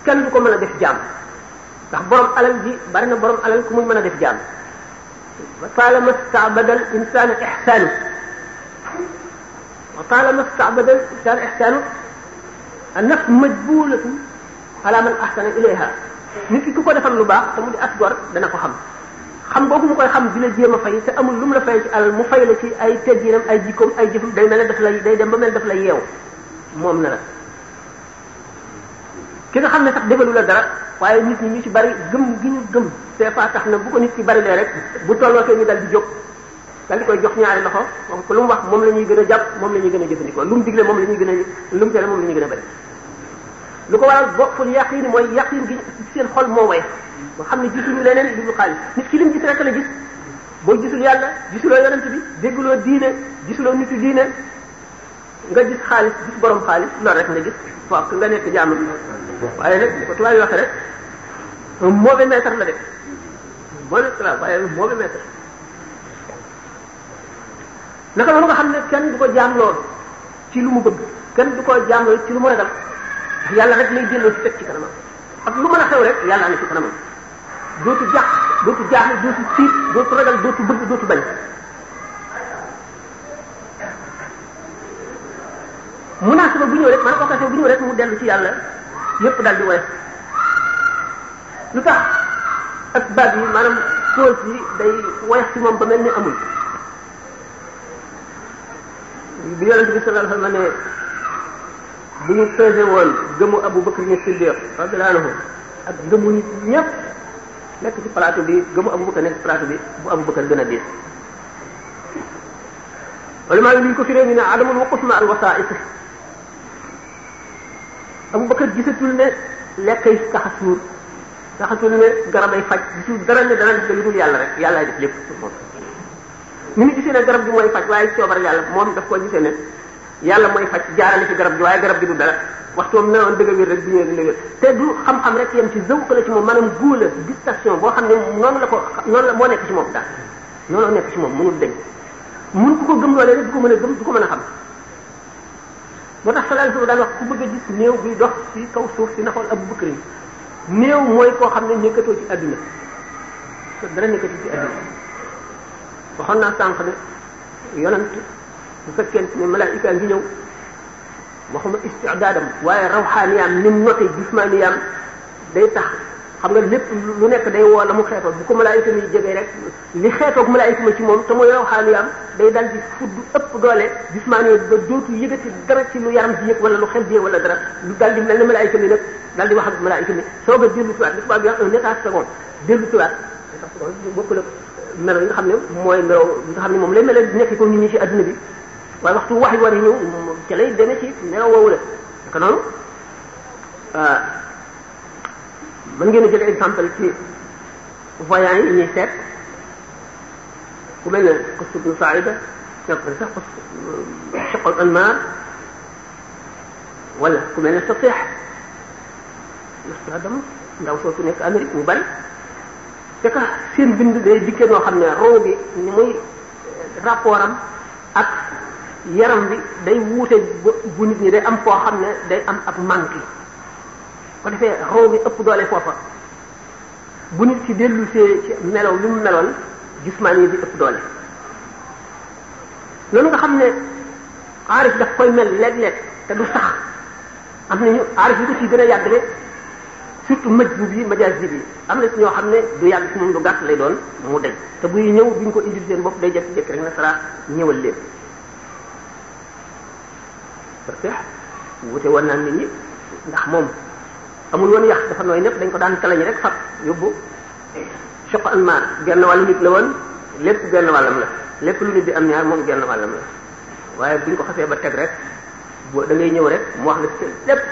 du ko mën a def jaam ndax borom alal ji bari na borom alal ku muy mën a def jaam a taalama staabada al insaan ixsaanu wa taalama staabada al insaan ixsaanu annaf majbulatun ala man axsana ilayha nit ku ko defal lu baax te mu di as gor dana ko xam xam boobu mu koy xam di la jéem a fay te amul lu mu la fay ci alal mu fay la ci ay tegginam ay jikkoom ay jëfam day mel ne daf lay day dem ba mel daf lay yeew moom na la ki nga xam ne sax defalu la dara waaye nit ñi ñu ci bari gëm gi ñu gëm c'est pas tax na bu ko nit ci bari lee rek bu tollootee ñu dal di jóg dal di koy jox ñaari loxo moom ko lu mu wax moom la ñuy gën a jàpp moom la ñuy gën a jëfandikoo lu mu digle moom la ñuy gën a lu mu tere moom la ñuy gën a bari lu ko waral bokkul yaqin mooy yaqin gi seen xol moo woy nga xam ne gisuñu leneen lu dul xaalis nit ki lim gis rek la gis boo gisul yàlla gisuloo yonent bi dégguloo diine gisuloo nitu diine nga gis xaalis gis borom xaalis loolu rek nga gis fokk nga nekk jaamu bi waaye nag li ko tubaab yi waxee rek un mauvais maître la de mauvais classe waaye un mauvais maître naka noonu nga xam ne kenn du ko jaamloo ci lu mu bëgg kenn du ko jaamloo ci lu mu ragal yàlla rek lay delloo si teg ci kanamam ak lu mën a xew rek yàlla na ci kanamam dootu jàq dootu jaaxle dootu tiit dootu ragal dootu bëgg dootu bañ munaasaba bu ñëw rek maanaam occasion bu ñëw rek mu dellu ci yàlla yépp daal di woyof lu tax ak baat yi maanaam tool yi day woyof ci moom ba mel ni amul bi yonente bi a alayhi wa sallam ne bu ñu peese gëmu Abu Bakr ni Siddiq radiyallahu bi gëmu Abu Bakr nekk ci plateau bi bu Abu Bakr gën a diis ulama yi ko firee ñu ne adamul waquf ma al wasa'it Abu Bakr gisatul ne lekkay taxa suur taxatul ne garabay faj yàlla rek yàlla def lépp moom ni ñu gisee ne garab gi mooy faj waaye coobar yàlla moom daf ko gisee ne yàlla mooy faj jaarale ci garab gi waaye garab gi du dara waxtu am nawoon dëgg wér rek ñëwee dëgg te du xam-xam rek yem ci zawq la ci moom maanaam góola distation boo xam ne noonu la ko noonu la moo nekk ci moom daal noonu nekk ci moom mënul deñ mun ku ko gëm loolee rek du ko mën a gëm du ko mën a xam moo tax sallallahu alayhi wasallam daan bëgg a gis néew buy dox ci suuf si na xool Abu Bakr mooy koo xam ne nekkatoo ci àdduna dara nekkatoo ci àdduna waxoon naa sànq bu fekkente ne malaayika ngi ñëw waxuma istidaadam waaye rawxaaniyaam ni mu noté jismaaniyaam day tax xam nga lépp lu nekk day woo la mu xeetoon bu ko malaayika mi jegee rek li xeetoog malaayika ma ci moom te mooy rawxaaniyaam day dal di fudd ëpp doole jismaaniya ba dootu yëgati dara ci lu yaram bi yëg wala lu xel bi yëg wala dara lu dal di mel ne malaayika mi nag di wax ak malaayika mi soog a dellu siwaat li dellu siwaat bokkul ak melo yi nga xam ne mooy melo yi nga xam ne moom lay mel nekk ko ci adduna bi waaye waxtu wax yi war a ñëw ca lay demee ci nelaw woowu la naka noonu euh, mën ngeen a jël exemple ci voyants yi ñuy seet ku mel ne Qutb ibn Sa'ida nekkoon sax Shaqqu al-Anmar wala ku mel ne Satih Nostradamus ndaw soosu nekk Amérique mu bari c'est que seen bind day dikkee noo xam ne roo gi ni muy rapport am ak yaram bi day wuute bu nit ñi day am foo xam ne day am ak manque ko defee raw bi ëpp doole foofa bu nit ci dellu see ci melow li mu meloon jismaan yi di ëpp doole loolu nga xam ne aarif daf koy mel léeg-léeg te du sax am nañu aarif yi ko ciy gën a yàggale surtout maj bu bi majaas bi am na ñoo xam ne du yàgg si moom du gàtt lay doon mu daj te buy ñëw duñ ko indil seen bopp day jekk jekk rek na ñëwal leen parce que wute woon naa nit ñi ndax moom amul woon yax dafa nooy lépp dañ ko daan kalañ rek fab yóbbu choq al maar genn wàllu nit la woon lépp genn wàllam la lépp lu nit di am ñaar moom genn wàllam la waaye buñ ko xasee ba teg rek da ngay ñëw rek mu wax la lépp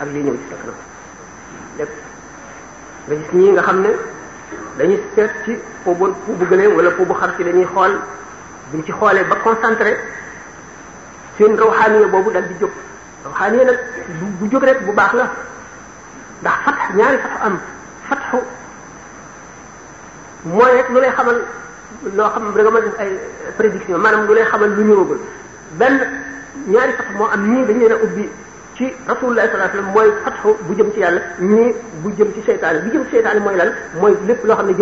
ak lii ñëw ci sa kanam lépp nga gis ñii nga xam ne dañuy seet ci po bu po bu gëléem wala po bu xar ci dañuy xool buñ ci xoolee ba concentré seen rawxaaniya boobu dal di jóg rawxaaniya nag bu jóg rek bu baax la ndax fatx ñaari fatx am fatxu mooy rek lu lay xamal loo xam da nga mën def ay prédiction maanaam lu lay xamal lu ñëwagul benn ñaari fatx moo am nii dañu leen a ubbi ci rasulullah sallallahu alayhi wasallam mooy fatxu bu jëm ci yàlla ñii bu jëm ci seytaane bu jëm ci seytaane mooy lan mooy lépp loo xam ne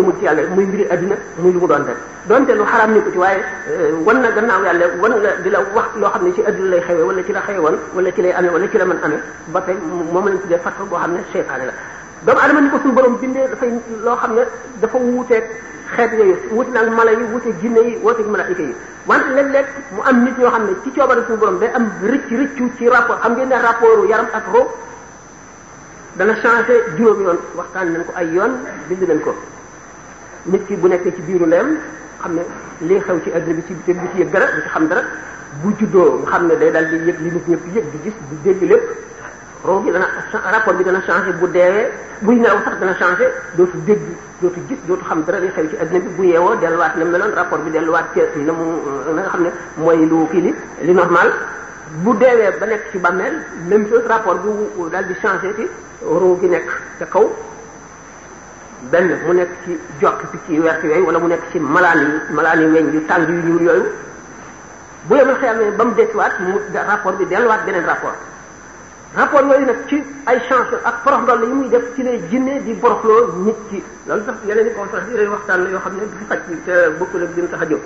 ni ko ci waaye euh, wan gannaaw yàlla wan la di la wax loo xam ne ci adduna lay xewee wala ci la xewoon wala ci lay amee wala ci la mën amee ba tey moom lañ tuddee fatxu boo xam ne seytaane la doomu adama ni ko suñu borom loo xam dafa wuuteeg xeet yooyu wut nag mala yi wute jinne yi woote malaayika yi wante léeg-léeg mu am nit ñoo xam ne ci coobare suñu borom day am rëcc rëccu ci rapport xam ngeen ne rapport yaram ak ro dana change juróom yoon waxtaan nañ ko ay yoon bind leen ko nit ki bu nekkee ci biiru ndeyam xam ne lii xew ci àddina bi ci te bi ci yëg dara bi ci xam dara bu juddoo nga xam ne day daal di yëg li nit ñëpp yëg di gis di dégg lépp roo gi dana rapport bi dana changé bu deewee buy nelaw sax dana changé dootu dégg dootu gis dootu xam dara li xew ci adduna bi bu yeewoo delluwaat na meloon rapport bi delluwaat ci na mu na nga xam ne mooy lu kii li normal bu deewee ba nekk ci bàmmeel même chose rapport bi daal di changé ci roo gi nekk ca kaw benn mu nekk ci jokk bi ci wert yooyu wala mu nekk ci malaan yi malaan yi weñ yu tàng yu ñuul yooyu bu yemal xeamee ba mu waat mu rapport bi delluwaat beneen rapport rapport yooyu nag ci ay chance ak porox ndol yi muy def ci lay jinne di boroxloo nit ki loolu sax yeneen i conférence yi yeneen waxtaan la yoo xam ne du fi faj te bokkul ak dina tax a jóg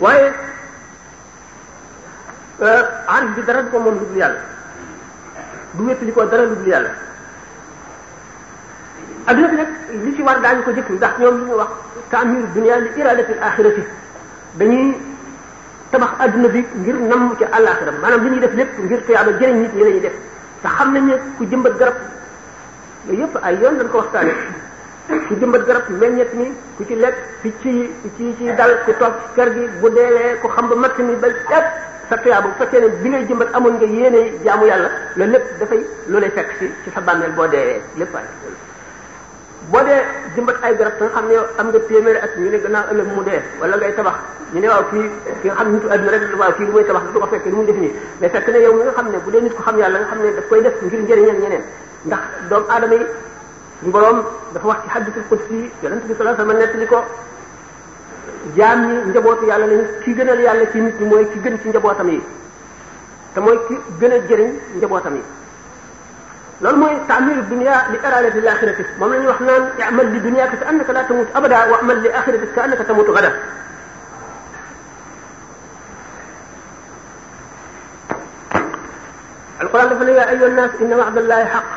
waaye euh, ko moom lu dul yàlla du wéttali ko dara lu dul yàlla adduna bi li ci war daañu ko jëkk ndax ñoom li ñu wax taamir dunia li iradati al axirati dañuy tabax adduna bi ngir namm ci àllaaxira maanaam li ñuy def lépp ngir tuyaaba jëriñ nit ñi la ñuy def te xam nañ ne ku jëmbat garab yooyu yëpp ay yoon dañ ko waxtaane ku jëmbat garab meññet mi ku ci lekk picc yi picc ci dal ku toog ci kër gi bu deelee ku xam ba matt mi ba yàgg sa tuyaa bu fekkee ne bi ngay jëmbat amoon nga yéene jaamu yàlla la lépp dafay lu lay fekk ci sa bàmmeel boo deewee lépp ay boo dee jëmbat ay garab te nga xam ne am nga téeméeri at ñu ne gannaaw ëllëg mu dee wala ngay tabax ñu ne waaw kii ki nga xam ne nitu àdduna tabax du ko fekkee mu def nii mais ne yow mi nga xam ne bu dee nit ko xam yàlla nga xam ne koy def ngir njëriñal ñeneen ndax doomu aadama yi suñu dafa wax ci hadisul qudsi yonent bi sallallahu alayhi wasallam nettali ko jaam ñi njabootu yàlla lañu ki gënal yàlla ci nit ñi mooy ki gën ci njabootam yi te mooy ki gën a jëriñ njabootam yi loolu mooy taamir dunia li aradati l axirati moom la ñuy wax naan amal li dunia ka annaka la tamut abada wa amal li axirati ka annaka tamutu gada alquran dafa ne yaa ayyuha nnaas inna wa'da llahi xaq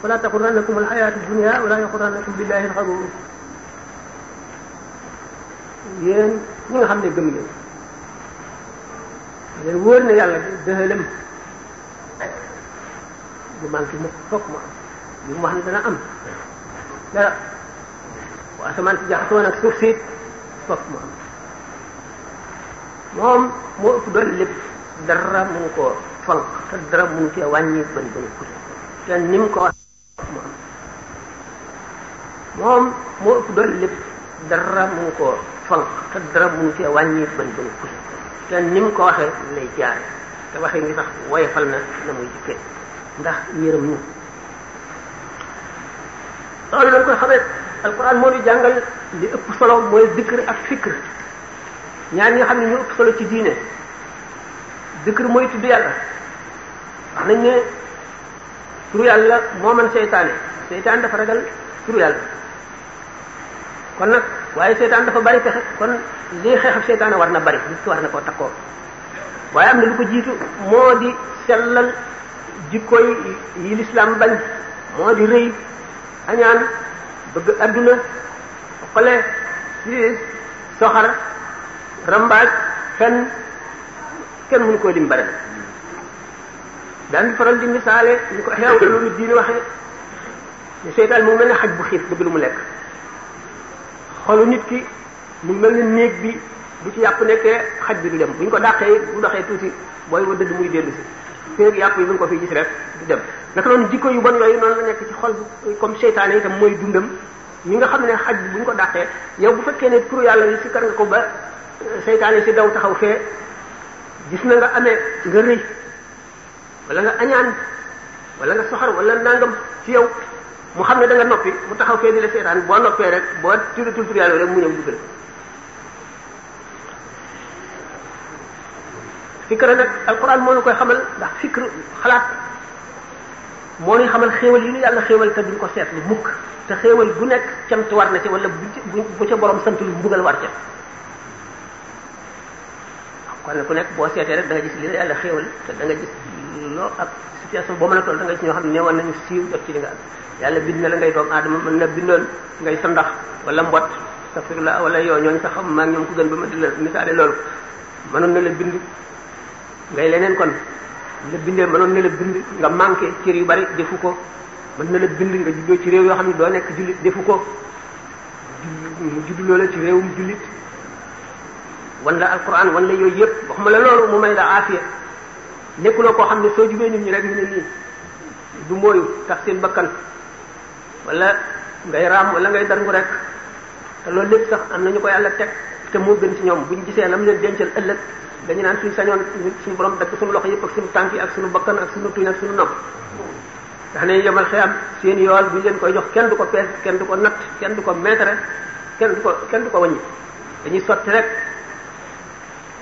fala taxurrannakum alxayaatu dunia wala yaxurrannakum billahi alxaruur yéen ñi nga xam ne gëm ngeen yéen wóor na yàlla dëhëlam du manqué mukk fokk mu am li mu dana am dara bu asamaan si jaxasoo nag suuf si fokk mu moom moo ëpp doole lépp dara mënu koo fonk te dara mënu ko wax mu am moom moo ëpp doole lépp wàññi bari ko waxee lay jaare te waxee ngi sax woyofal na na muy jikkee ndax yërëm ñu loolu lañ koy xamee alquran moo ñu jàngal li ëpp solo mooy dikr ak fikr ñaar ñi xam ne ñu ëpp solo ci diine dikr mooy tudd yàlla wax nañ ne turu yàlla moo mën seytaane seytaan dafa ragal turu yàlla kon nag waaye seytaan dafa bari pexe kon lii xeexam seytaane war na bari nit ki war na koo takkoo waaye am na lu ko jiitu moo di sellal jikko yi yi lislaam bañ moo di rëy añaan bëgg adduna xole siis soxar rambaaj fen kenn mënu koo lim bare daan di faral di misaale ñu ko xeew loolu diine waxe ne seytaan mu mel ne xaj bu xiif bëgg lu mu lekk xolu nit ki mu mel ne néeg bi bu ci yàpp nekkee xaj bi du dem bu ñu ko dàqee bu doxee tuuti booy wa dëdd muy dellu féer yàpp yi mu ngi ko fi gis rek di dem naka noonu jikko yu bon yooyu noonu la nekk ci xol comme seytaane itam mooy dundam ñi nga xam ne xaj bi bu ñu ko dàqee yow bu fekkee ne turu yàlla yi si kar nga ko ba euh, seytaane si daw taxaw fee gis na nga amee nga rëy wala nga añaan wala nga soxar wala nangam ci yow mu xam ne da nga noppi mu taxaw fee di la boo noppee rek boo tudd tur yàlla rek mu ñëw dugg fikra nag alquran moo ñu koy xamal ndax fikr xalaat moo ñuy xamal xéewal yi ñu yàlla xéewal ka duñ ko seet seetlu mukk te xéewal bu nekk cant war na ci wala bu ca borom sant lu mbugal war ca kon ku nekk boo seetee rek da gis li la yàlla xéewal da nga gis loo ak situation boo mën a toll da nga gis ñoo xam ne newoon nañu siiw jot ci li nga am yàlla bind na la ngay doom aadama mën na bindoon ngay sa ndax wala mbot sa firla wala yoo ñooñu sax xam maa ngi ñoom ko gën ba ma di la misaale loolu mënoon na la ngay leneen kon la bindee mënoon na la bind nga manqué cër yu bari defu ko mën na la bind nga juddoo ci réew yoo xam ne doo nekk jullit defu ko mu judd loola ci réewum jullit wan la alquran wan la yooyu yëpp waxuma la loolu mu may la aafiya nekkuloo koo xam ne soo jubee nit ñi rek ñu ne nii du mooyu tax seen bakkan wala ngay raam wala ngay dangu rek te loolu lépp sax am na ñu ko yàlla teg te moo gën ci ñoom ñu gisee la mu leen dencal ëllëg dañu naan suñ sañoon suñu borom dagg suñu loxo yëpp ak suñu tànk yi ak suñu bakkan ak suñu tuñ ak suñu nopp ndax ne yomal xiyam seen yool bu leen koy jox kenn du ko pees kenn du ko natt kenn du ko meetre kenn du ko kenn du ko wàññi dañuy sotti rek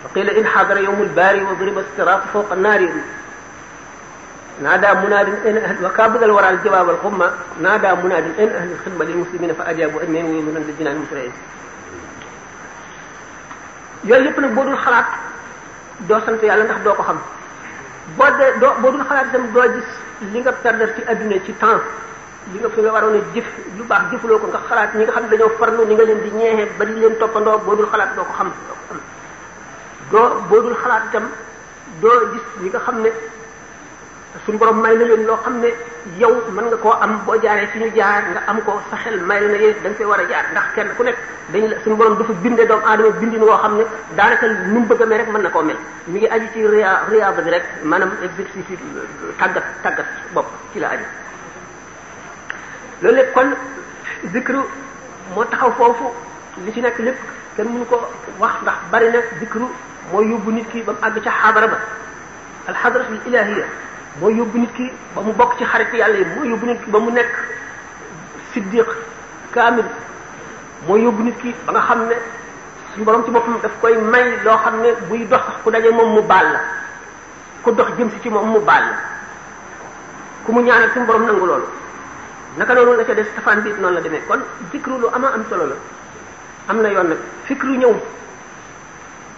wa qila in xadara yowmul baari wa duriba siratu fawqa naari naadaa munaadin ayna ahli wa kaabadal waral jawaabal xumma naadaa munaadin ayna ahli xidma lil muslimina fa ajaabu ajmain wa yawma dinaan musrain yooyu yëpp nag boo dul xalaat doo sant yàlla ndax doo ko xam boo dee doo boo dul xalaat itam doo gis li nga perdre ci adduna ci temps li nga fi nga waroon a jëf lu baax jëfuloo ko nga xalaat ñi nga xam ne dañoo farlu ni nga leen di ñeexee ba di leen toppandoo boo dul xalaat doo ko xam doo boo dul xalaat itam doo gis li nga xam ne suñu borom may na leen loo xam ne yow mën nga koo am boo jaaree fi ñu jaar nga am koo sa xel may na yéen da nga fee war a jaar ndax kenn ku nekk dañ la suñu borom dafa bindee doomu aadama bindin woo xam ne daanaka nu mu bëgg a mel rek mën na koo mel mi ngi aju ci ria riaba bi rek maanaam exercice yi euh, tàggat tàggat bopp ci la aju kon zikru moo taxaw foofu li ci nekk lépp kenn mënu ko wax ndax bari na zikru moo yóbbu nit kii ba mu àgg ca xaadara ba alxadratul ilahiyya moo yóbbu nit ki ba mu bokk ci xarit yàlla yi moo yóbbu nit ki ba mu nekk siddiq kaamil moo yóbbu nit ki ba nga xam ne suñu borom ci boppam daf koy may loo xam ne buy dox ku daje moom mu baal la ku dox jëm si ci moom mu baal la ku mu ñaanal suñu borom nangu loolu naka noonu la ca def safaan bi noonu la demee kon zikru lu ama am solo la am na yoon nag fikru ñëw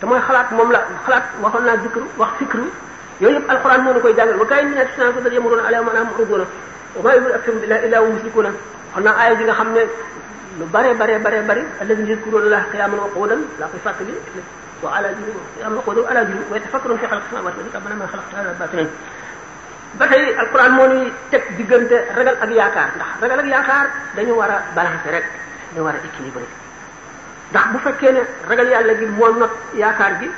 te mooy xalaat moom la xalaat waxoon naa zikru wax fikru yooyu yëpp alquran moo ñu koy jàngal wa kayin min ashaabi dal yamuruna ala ma anhum muriduna wa ma yu'minu aktharuhum billahi illa hum mushrikuna xam naa aaya bi nga xam ne lu bare bare bare bare alladhina yadhkuruna allaha qiyaman wa qu'udan laa koy fàttali wa ala junub qiyaman wa qu'udan wa ala junub wa yatafakkaruna fi khalqis samawati wal ardi rabbana ma khalaqta hadha batilan ba tey alquran moo ñuy teg diggante ragal ak yaakaar ndax ragal ak yaakaar dañu war a balancer rek dañu war a équilibrer ndax bu fekkee ne ragal yàlla gi moo not yaakaar gi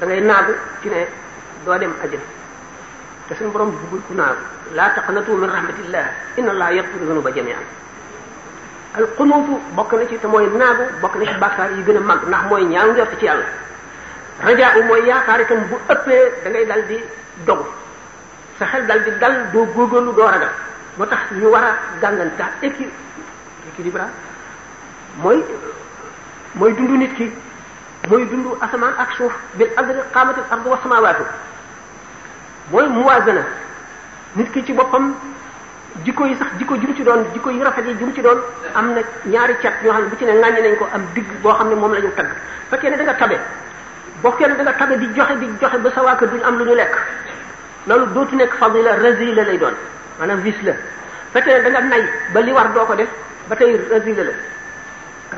da ngay naagu ci ne doo dem ajjana te suñu borom bëggul ku naaw laa taqnatu min rahmatillah inna allah yaghfiru dhunuba jami'an al qunuutu bokk na ci te mooy naagu bokk na ci bàkkaar yi gën a mag ndax mooy ñaaw njort ci yàlla rajaa u mooy yaakaar itam bu ëppee da dal di dogu sa xel dal di dal doo góorgóorlu doo ragal moo tax ñu war a gàngantax équi équilibre mooy mooy dundu nit ki mooy dundu asamaan ak suuf bil adri qaamatil ardu wa samawaatu mooy muwaazana nit ki ci boppam jikko yi sax jikko jum ci doon jikko yu rafet yi jum ci doon am na ñaari cat ñoo xam ne bu ci ne ŋàññi nañ ko am digg boo xam ne moom lañu tag tagg fekkee ne da nga tabe bokkee ne da nga tabe di joxe di joxe ba sa waa kër duñ am lu ñu lekk loolu dootu nekk fadila razila lay doon maanaam vis la fekkee ne da nga nay ba li war doo ko def ba tey razila la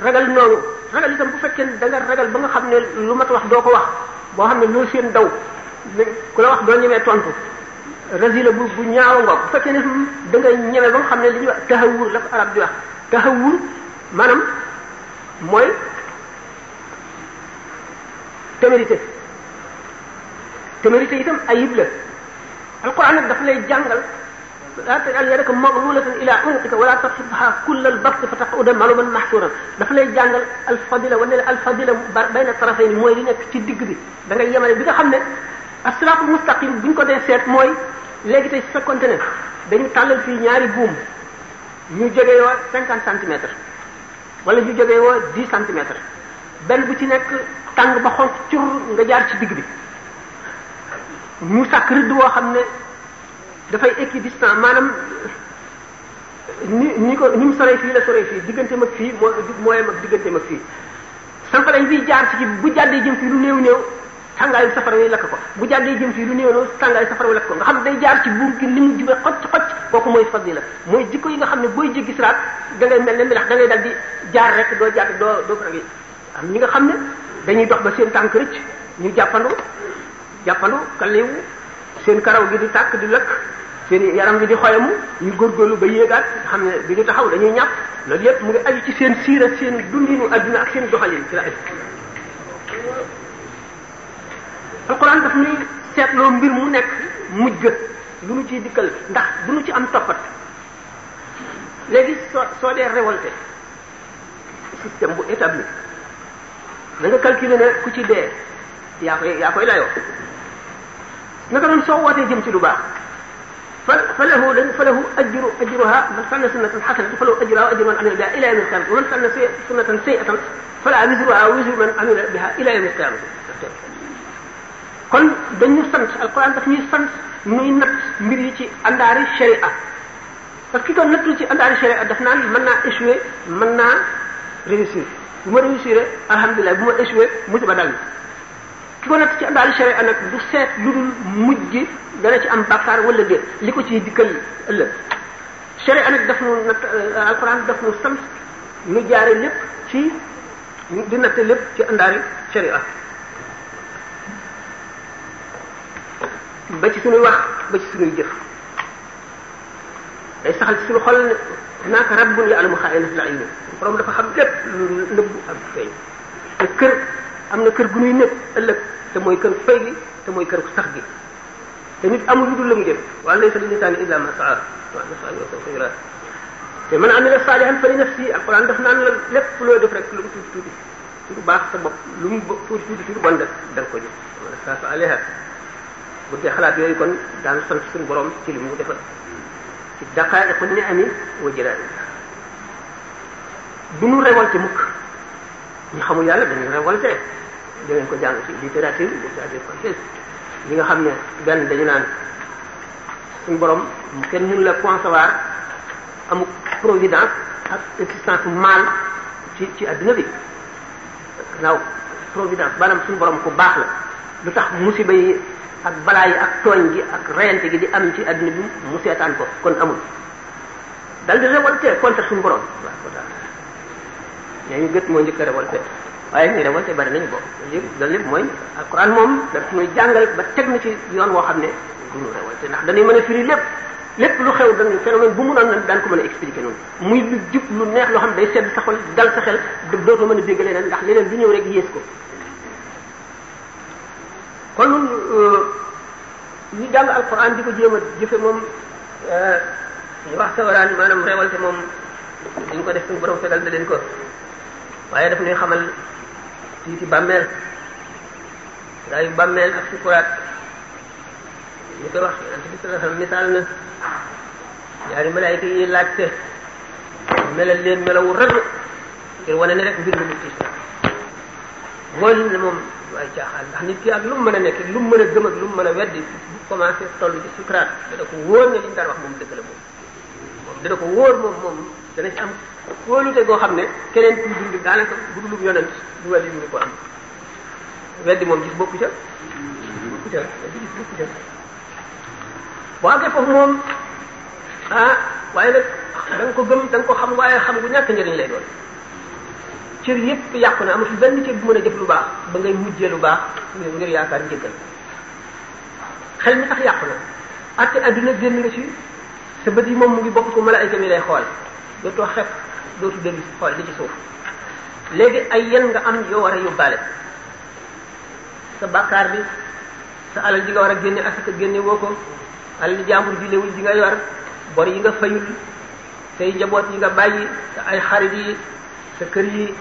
ragal noonu ragal itam bu fekkee ne da ragal ba nga xam ne lu mat wax doo ko wax boo xam ne loo seen daw ku la wax doo ñemee tontu rasila bu bu ñaaw ngoog bu fekkee ne da ngay ñeme ba nga xam ne li ñuy wax tahawur la ko arab di wax tahawur maanaam mooy témérité témérité itam ayib la alquran nag daf lay jàngal ah, laa tajal yadaka maglulatan ila unuqika wala tabsutha kulla albasti fa taquda maluman mahsuran daf lay jàngal alfadila wala alfadila bayna tarafayni mooy li nekk ci digg bi da ngay bi nga xam ne asiraatul mustaqim bu ñu ko dee seet mooy léegi tey su fekkonte ne dañu tàllal fii ñaari buum ñu jóge woo cinquante centimètres walla ñu jóge woo dix centimètres benn bu ci nekk tàng ba xonq cur nga jaar ci digg bi mu sàkk rëdd woo xam ne dafay équidistant maanaam ni ni ko ni mu soree fii la soree fii diggante mag fii moo mooyam ak diggante mag fii sanqaleñ bi jaar ci bu jàddee jëm fii lu néew néew tàngaayu safara wi lakk ko bu jàddee jëm fii lu néew loolu tàngaayu safara wi lakk ko nga xam day jaar ci buur gi li mu jube xocc xocc kooku mooy fadila mooy jikko yi nga xam ne booy jéggi siraat da ngay mel ne mi lax da ngay dal doo jàdd doo ñi nga xam ne dañuy dox ba seen tànk rëcc ñu jàppandu jàppandu kalliwu seen karaw gi di tàkk di lakk seen yaram gi di xoyamu ñu gëlu ba yéegaat xam ne bi ñu taxaw dañuy ñàpp loolu yëpp mu ngi aju ci seen siira seen dundinu adduna ak seen doxalin ci la aju alquran daf ñuy seetloo mbir mu nekk mujj lu nu ciy dikkal ndax du nu ci am toppat léegi soo soo dee révolté système bu établi da nga calculer ne ku ci dee yaa koy yaa koy layoo naka noonu soo wootee jëm ci lu baax fa fa lahu dañ fa lahu ajru ajruha man sanna sunnatan xasanatan fa lahu ajruha wa man amila biha ila yawmi alqiyamah wa wizru man amila biha ila yawmi alqiyamah kon dañu sant alquran daf ñuy sant muy natt mbir yi ci àndaari sharia parce que kon nattu ci àndaari sharia daf naan mën naa échouer mën naa réussir bu ma réussir alhamdulilah bu ma échouer musiba dal ki ko natt ci àndaari sharia nag du seet lu dul mujj gi dana ci am bàkkaar wala déet li ko ci dikkal ëllëg sharia nag daf mu natt euh, alquran daf mu sant nu jaare lépp ci di natt lépp ci àndaari sharia ba ci suñuy wax ba ci suñuy jëf day saxal ci suñu xol naaka rabbun ya alamu xaa'inatal ayun borom dafa xam lépp lu kër am na kër gu ñuy nekk ëllëg te mooy kër fay gi te mooy kër sax gi te nit amul lu dul la mu jëf wa laysa lil insaani illa ma sa'a wa nas'alu wa sawfa yura te man amila saalihan fa li nafsi naan la lépp loo def rek lu mu tuuti tuuti ci baax sa bopp lu mu tuuti tuuti ci lu bon ko jëf wa saa su aleha bu dee xalaat yooyu kon daanu sant suñu borom ci li mu defal ci daqaa'iqu ni'ami wa jalaali du ñu révolté mukk ñu xamul yàlla dañuy révolté dangeen ko jàng ci littérature littérature française li nga xam ne benn dañu naan suñu borom kenn mënu la concevoir amuk providence ak existence mal ci ci adduna bi naaw providence maanaam suñu borom ku baax la lu tax musiba yi ak balaa yi ak tooñ gi ak reyante gi di am ci adduna bi mu seetaan ko kon amul dal di révolté contre suñu borom tabaraka wa taala ñooñu gët mooy njëkk a révolté waaye ñuy révolté bari nañu bokk léegi loolu lépp mooy alquran moom daf ñuy jàngal ba teg na ci yoon woo xam ne duñu révolté ndax dañuy mën a firi lépp lépp lu xew dañu phénomène bu mu a nan daan ko mën a expliqué noonu muy lu jub lu neex loo xam ne day sedd sa xol dal sa xel dootoo mën a dégg leneen ndax leneen du ñëw rek yées ko kon euh, ñu jàng alquran di ko jéem jëfe moom ñu euh, wax sawaraan maanaam réewal te moom duñ ko def suñu borom fegal da leen ko waaye daf ñuy xamal tiiti bàmmeel gaa bàmmeel ak sukuraat ñu koy wax ante bi sallallahu alayhi misaal na ñaari malaayika yi laajte melal leen melawu rëdd ngir wane ne rek mbir lu tiis mooy li ne moom waaye caaxaan ndax nit ki ak lu mu mën a nekk lu mu mën a gëm lu mu mën a weddi bu commencé toll ci sukraat dana ko wóor ne li ñu daan wax moom dëgg moom dana ko wóor moom moom dana ci am kóolute goo xam ne keneen kuy dund daanaka bu dul yonent du wàllu ñu ko am weddi moom gis bokku ca bokku ca weddi gis bokku ca boo foofu moom ah, waaye nag da ko gëm da ko xam waaye xam gu ñàkk njëriñ lay doon cër yépp yàqu na amatul benn cër a def lu baax ngay mujjee lu baax ngir yaakaar njëggal xel mi tax yàqu na atte adduna bët yi moom mu ngi bokk ko malaayka mi xool dootoo xepp dootu dellu xool léegi ay yen nga am yoo war a yóbbaale sa bàkkaar bi sa alal ji nga war a génne asaka génne woo ko alal jàmbur ji léwul ji nga yor bor yi nga fayul say njaboot yi nga bàyyi sa ay xarit yi sa kër yi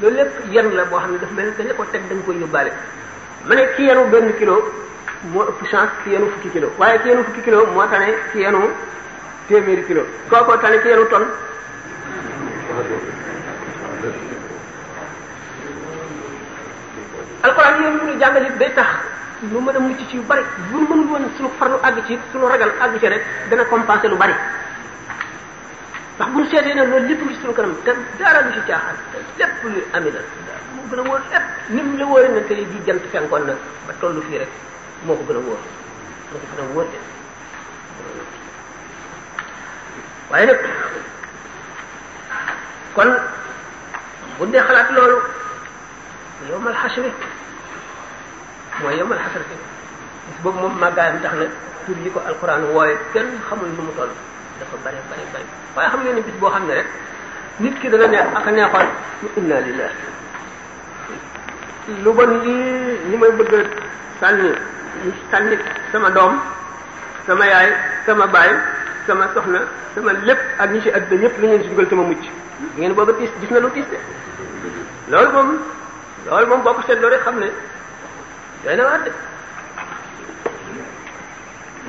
loolu lépp yan la boo xam ne daf mel dañ la ko teg da nga koy yóbbaale ma ne ki yenu benn kilo moo ëpp chance yenu fukki kilo waaye ki yenu fukki kilo moo tane ki yenu téeméeri kilo kookoo tane ki yenu ton alxuraan yooyu mu ñu jàngal it day tax lu mën a mucc ci yu bari bu mënul woon suñu farlu àgg ci suñu ragal àgg ci rek dana compenser lu bari ndax bu ñu seetee ne loolu lépp ngi ci suñu kanam te dara lu ci caaxaan te lépp lu amee la gën a wóor lépp ni mu la wóoree na tey di jant fenkoon na ba tollu fii rek moo ko gën a wóor moo gën a wóor de waaye nag kon bu dee xalaat loolu yowmal xasri mooy yowmal xasri bis boobu moom màggaayam tax na tur yi ko alquran wooye kenn xamul nu mu dafa waaye xam ngeen ne bis boo xam ne rek nit ki dana ne ak a neexoon inna lillahi lu bon lii li may bëgg sànni sànni sama doom sama yaay sama baay sama soxna sama lépp ak ñi ci àdduna ñëpp li ngeen si dugal sama mucc ngeen booba tiis gis na lu tiis de loolu moom loolu moom boo rek xam ne doy na waar de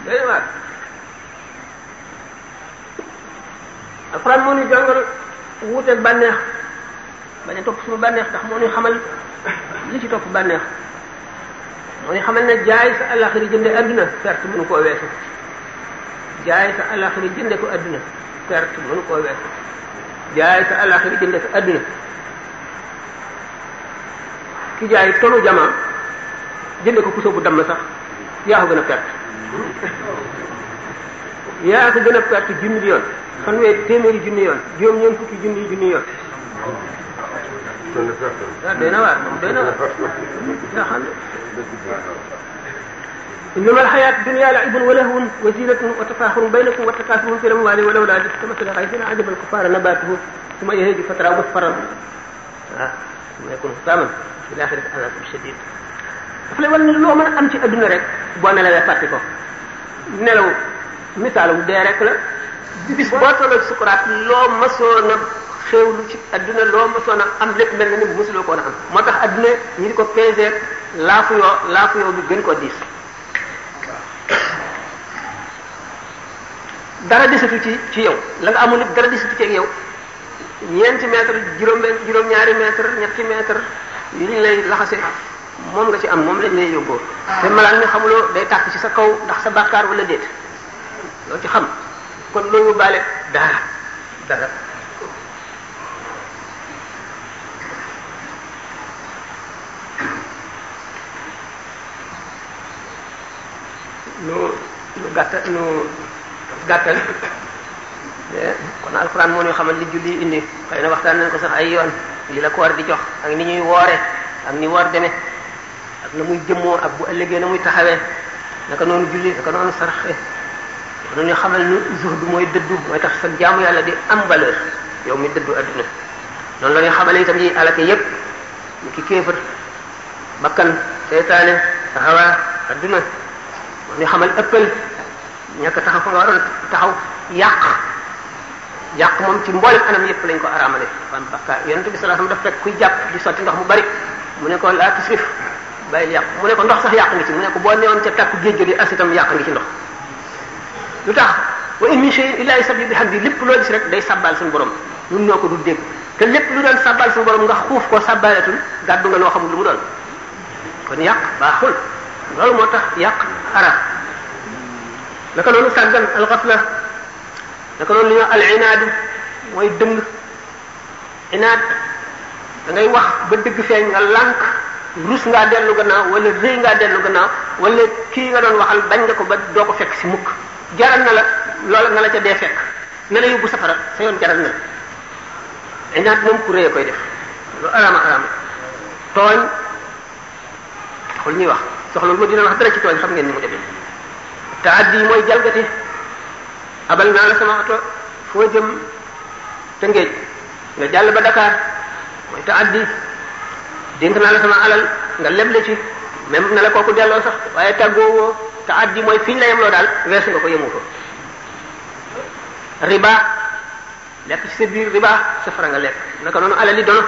doy na waar alxuraan moo ñu jàngal wuuteeg bànneex bañ a topp suñu bànneex ndax moo ñu xamal li ci topp bànneex moo ñu xamal ne jaay sa alaxiri jënde adduna perte mënu koo weesu jaay sa alaxiri jënde ko adduna perte mënu koo weesu jaay sa alaxiri ki jaay tonu jama jënde ko puso bu damm sax yaa ko gën a perte yaa ko gën a perte junni yoon fanweeri téeméeri junni yoon juróom ñeent fukki junni junni yoon. waaw ah, doy na waar doy na waar. yoo xam ne. innama alxayaat dunya laibun wa lahwun wa zinatun wa tafaaxurun baynakum wa takasurun fil amwaali wal awlaadi kamasali xaysin ajaba alkufaara nabaatuhu summa yahiiju fatran musfarran ah, waaw summa yakunu hutaaman fil aaxirati azaabun shadiid daf lay wan ne loo mën a am ci adduna rek boo nelawee fàtte ko nelaw misaalum dee rek la. bis boo tolloog sukuraat loo mësoon a xéewlu ci adduna loo mësoon a am lépp mel na ni mësuloo koon a am moo tax adduna ñu di ko peser laafu yoo laafu yow bi gën ko diis dara desatu ci ci yow la nga amul dara desatu ci ak yow ñeenti mètre juróom benn juróom-ñaari mètre ñetti mètre li ñu lay laxasee moom nga ci am moom lañ lay yóbboo te malaan xamuloo day tàkk ci sa kaw ndax sa bàkkaar wala déet loo ci xam kon loo yóbbaale dara dara nu nu gàttal nu gàttal eh, kon alxuraan moo ñu xamal li julli indi xëy na waxtaan nañ ko sax ay yoon li la ko war di jox ak ni ñuy woore ak ni war deme ak na muy jëmmoo ak bu ëllëgee na muy taxawee naka noonu julli naka noonu saraxe dañu xamal nu ni zuhdu mooy dëddu mooy tax sa jaamu yàlla di am valeur yow mi dëddu adduna noonu la ñuy xamale itam yi alaka yëpp ñu ki kéefër bakkan seytaane hawa adduna ñu xamal ëppal ñàkk tax ko nga waroon taxaw yàq yàq moom ci mboolem anam yépp lañ ko araamale wan bakka yonent bi sallallahu alayhi wasallam daf fekk kuy jàpp di sotti ndox mu bari mu ne ko laa tusrif bàyyil yàq mu ne ko ndox sax yàq ngi ci mu ne ko boo newoon ca tàkku géej gi asitam yàq ngi ci ndox lu tax wa in min shay'in illa yusabbihu bihamdi lépp loolu gis rek day sabbal suñu borom ñun ñoo ko du dégg te lépp lu doon sabbal suñu borom nga xuuf ko sabbalatul gàddu nga loo xamul lu mu kon yàq baaxul loolu moo tax yàq arab naka loolu sàggan alxafla naka loolu mooy dëng inaad da ngay wax ba dëgg feeñ nga lànk rus ngaa dellu gannaaw wala rëy ngaa dellu gannaaw wala kii nga doon waxal bañ nga ko ba doo ko fekk si mukk jaral na la loola na la ca dee fekk na la yóbbu safara sa yoon jaral na la ay naat moom ku koy def lu araama araama tooñ taxul ñuy wax soxla ma dina wax dara xam ngeen ni mu demee te addi mooy jalgati abal naa la sama oto foo jëm Tëngéej nga jàll ba Dakar mooy te addi dénk naa la sama alal nga leble ci même na la kooku delloo sax waaye tàggoo woo te at ji mooy fi ñu la yemloo daal weesu nga ko yemoo fa riba lekk ci sa biir riba safara nga lekk naka noonu alal yi dono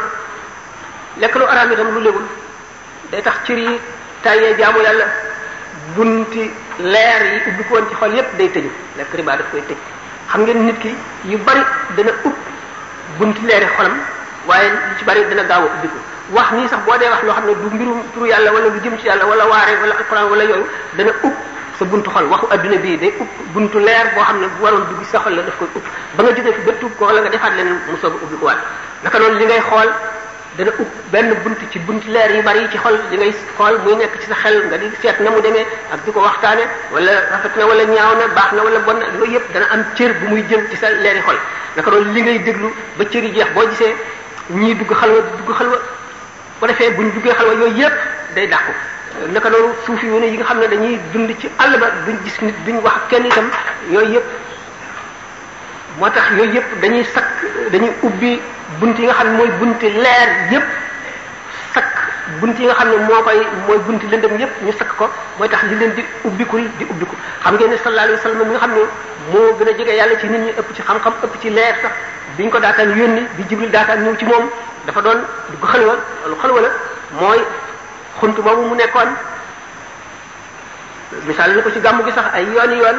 lekk lu araam itam lu légul day tax cër yi tàyyee jaamu yàlla bunti leer yi ubbi ko ci xol yépp day tëju lekk riba daf koy tëj xam ngeen nit ki yu bari dana ub bunti leeri xolam waaye lu ci bari dana gaaw a ubbi ko wax nii sax boo dee wax loo xam ne du mbirum turu yàlla wala lu jëm ci yàlla wala waare wala alquran wala yooyu dana ub sa buntu xol waxu adduna bii day ub buntu leer boo xam ne bu waroon dugg sa la daf koy ba nga jógee fi ba tuub ko wala nga defaat leneen mu a ubbi ko ngay xool dana ub benn bunt ci buntu leer yu bari yi ci xol li ngay xool muy nekk ci sa xel nga di seet na mu demee ak di ko waxtaane wala rafet na wala ñaaw na baax na wala bon na yooyu yëpp dana am cër bu muy jëm ci sa leeri xol naka noonu li ngay déglu ba cër yi jeex boo gisee ñuy dugg xalwa dugg xalwa ko defee buñ duggee xalwa yooyu yépp day dàqu naka noonu suufi yu ne yi nga xam ne dañuy dund ci àll ba duñ gis nit bi ñu wax kenn tam yooyu yépp moo tax yooyu yépp dañuy sakk dañuy ubbi bunt yi nga xam ne mooy bunti leer yépp sakk bunt yi nga xam ne moo koy mooy bunti lëndëm yépp ñu sakk ko mooy tax li leen di ubbikul di ubbiku xam ngeen ne sallallahu alayhi wasallam mu nga xam ne moo gën a jege yàlla ci nit ñi ëpp ci xam-xam ëpp ci leer sax biñ ko daataan yónni bi jibril daataan ñëw ci moom dafa doon dugg xalwa loolu xalwa la mooy xunt boobu mu nekkoon misaal na ko ci gàmm gi sax ay yooni yoon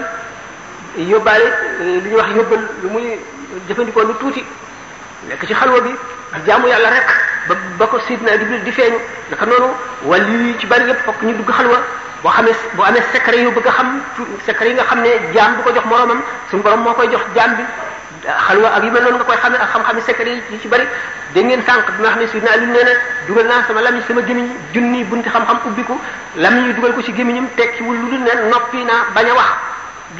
yóbbaale eh, li ñuy wax yóbbal lu muy jëfandikoo lu tuuti nekk ci xalwa bi di jaamu yàlla rek ba ba ko sidna Jibril di feeñu naka noonu wala yi ci bari yëpp fokk ñu dugg xalwa boo xamee boo amee secret yu bëgg a xam secret yi nga xam ne jaam du ko jox moromam suñu borom moo koy jox jaam bi xalwa ak yu mel noonu nga koy xamee ak xam-xami secret yi ci bari dégg ngeen sànq bi nga xam ne naa lu nee na dugal naa sama lamiñ sama gémmiñ junni bunti xam-xam ubbiku lamiñ yi dugal ko ci gémmiñam tekkiwul lu dul ne noppi naa bañ a wax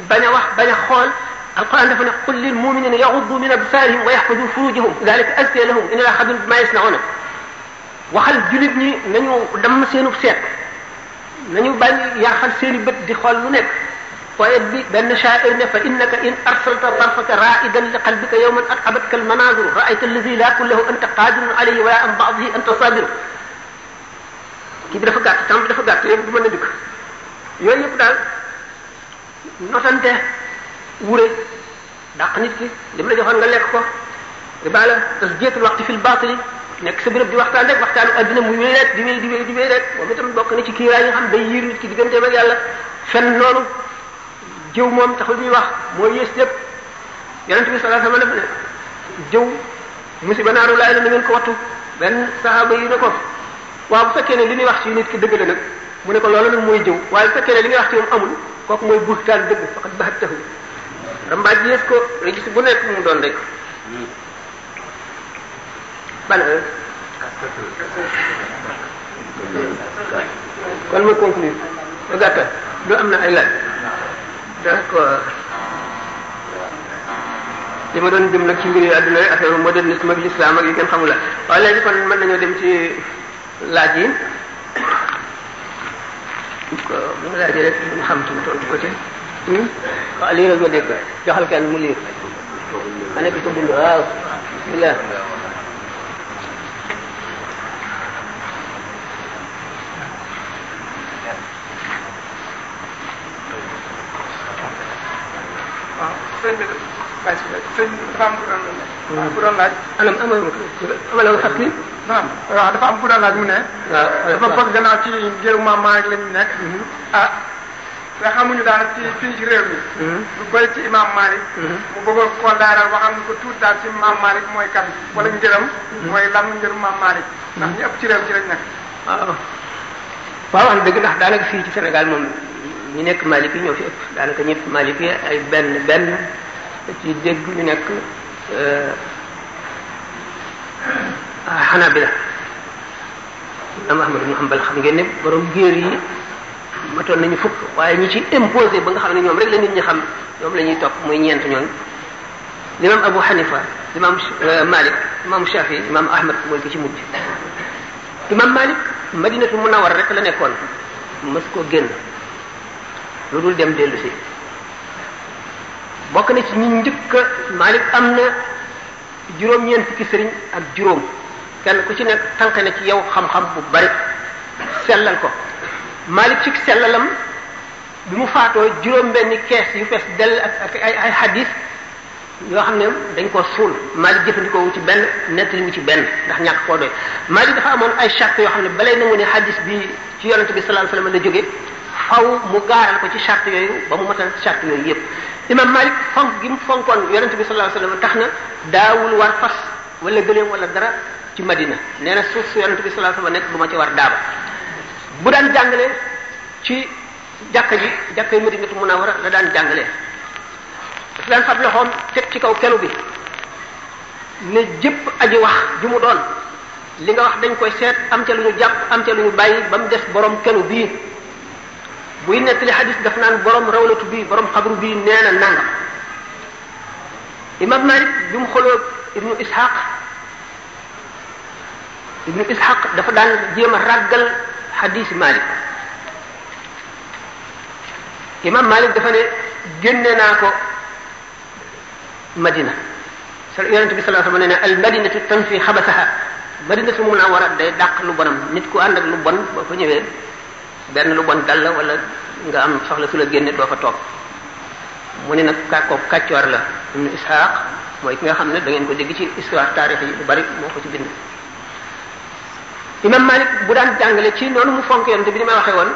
bañ a wax bañ a xool alquran dafa ne qul lil muminina yaghuddu min absarihim wa yahfazu furujahum dalika azka lahum inna laa xabirun bima yasnauna waxal jullit ñi nañu damm seenub seet nañu bàyyi yaaxal seeni bët di xool lu nekk poète bi benn sha'ir ne fa innaka in arsalta tarfaka ra'idan li qalbika yawman at'abatka al-manazir ra'ayta alladhi la kullahu anta qadirun alayhi wa la an ba'dihi anta sabir kii bi dafa gàtt temps bi dafa gàtt léegi du mën a dikk yooyu yëpp daal notante wure dàq nit ki li mu la joxoon nga lekk ko riba la tasjiyatul waqti fil baatili nekk sa béréb di waxtaan rek waxtaanu addina mu wéy rek di wéy di wéy di wéy rek moom itam bokk na ci kiiraay yi nga xam day yiir nit ki diggante ak yàlla fen loolu jëw moom taxul ñuy wax moo yées lépp yonent bi sallallahu alayhi wasallam jëw musiba naaru laay la na ngeen ko wattu benn sahaaba yi ne ko waaw bu fekkee ne li ñuy wax ci nit ki dëgg la nag mu ne ko loolu nag mooy jëw waaye bu ne li ngay wax ci moom amul kooku mooy buxtaan dëgg faqat baat taxul rambaaj yées ko regis bu nekk mu doon rek ban heure kon ma conclure ba gàttal du am na ay laaj d'accord li ma doon jëm nag ci mbir yi àdduna yi affaire modernisme ak l'islam ak yi kenn xamul la waaye léegi kon mën nañoo dem ci laaj yi ko bu ma laajee rek mu xam tuuti tontu ko ci hmm? waaw liiral ma dégg joxal kenn mu liir ma nekk ci dund waaw bismillah sëñ bi bàyyi si rek sëñ dafa am ku doon laaj. waaw ku doon laaj. anam amaloo amaloo xas li. waaw waaw dafa am ku doon laaj mu ne. dafa bëgg gannaaw ci njëriñu maman ak lañu nekk. ah te xamuñu daal ci fii ci réew mi. lu bëri ci imam Malik. mu bëggoon koo daaral waxam ko tuuti daal ci imam Malik mooy kan. wala njëram. mooy lan njëru imam Malik. ndax ñu ëpp ci réew ci lañ nekk. waaw waaw wax dëgg ndax daanaka fii ci Sénégal moom. ñu nekk Maliki ñoo fi ëpp daanaka ñëpp Maliki ay benn benn ci dégg ñu nekk euh, ah, Hanabila am Ahmad ibn Hanbal xam ngeen ne borom géer yi matoon nañu fukk waaye ñi ci imposé ba nga xam ne ñoom rek la nit ñi xam ñoom la ñuy topp muy ñeent ñoon l'imam Abu Hanifa l'imam euh, Malik imam Shafi imam Ahmad mooy ki ci mujj imam Malik Madinatu Munawwara rek la nekkoon mës koo génn lu dul dem dellu si bokk na ci ñi njëkk Malik am na juróom-ñeent fukki sëriñ ak juróom kenn ku ci nekk tànk na ci yow xam-xam bu bari sellal ko Malik ci sellalam bi mu faatoo juróom benn kees yu fees dell ak ay ay hadis yoo xam ne dañ koo suul Malik jëfandikoo wu ci benn nettali mu ci benn ndax ñàkk koo doy Malik dafa amoon ay charte yoo xam ne balay nangu ne hadis bi ci yonent bi sallallahu alayhi wasallam la jóge faw mu gaaral ko ci charte yooyu ba mu matal charte yooyu yépp imam malik fonk gi mu fonkoon yonente bi sallallahu alayhi wasallam tax na daawul war fas wala gëléem wala dara ci madina nee na suuf su yonente bi sallallahu alayhi wasallam nekk du ma ci war daaba bu daan jàngale ci jàkka ji jàkka yi madinatu a la daan jàngale dafa daan fab loxoom teg ci kaw kelu bi ne jëpp aji wax ju mu doon li nga wax dañ koy seet am ca lu ñu jàpp am ca lu ñu bàyyi ba mu des borom kelu bii buy nettali xadis daf naan borom rawlatu bii borom xabru bii nee na nangam imam malik bi mu xoloo ishaq dafa daan jéem a ràggal xadis malik imam malik dafa ne génne naa ko madina yonente bi sallallahu alayhi wasallam ne al madinatu tanfi xabasaha madinatu munawwara day dàq lu bonam nit ku ànd ak lu bon benn lu bon dal la wala nga am soxla fi la génne doo fa toog mu ne nag kàkkoo kàccoor la ishaq mooy ki nga xam ne da ngeen ko dégg ci histoire taarix yi lu bari moo ko ci bind imam malik bu daan jàngale ci noonu mu fonk yonte bi ni ma waxee woon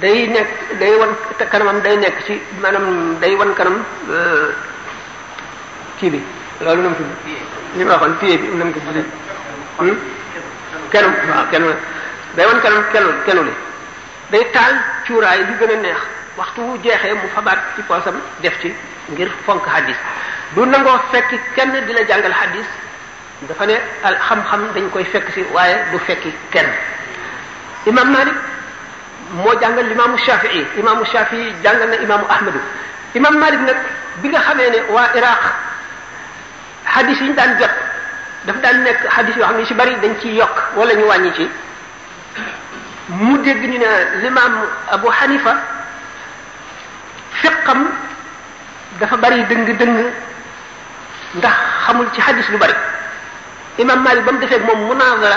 day nekk day wan kanamam day nekk ci maanaam day wan kanam euh, kii bi loolu na mu tudd li ma waxoon pied bi na hmm? waaw kenn day wan kanam kenn kennu li day taal cuuraay lu gën a neex waxtu wu jeexee mu fabaat ci poosam def ci ngir fonk hadis du nangoo fekki kenn di la jàngal hadis dafa ne al xam-xam dañ koy fekk si waaye du fekki kenn imam malik moo jàngal imaamu shafii imaamu shafii jàngal na imaamu ahmadu imam malik nag bi nga xamee ne waa iraq hadis yi ñu daan jot daf daan nekk hadis yoo xam ne si bari dañ ciy yokk wala ñu wàññi ci mu dégg ñu ne l'imam Abu Hanifa fiqam dafa bari dëng-dëng ndax xamul ci xadis lu bari imam Malik ba mu defee moom munazara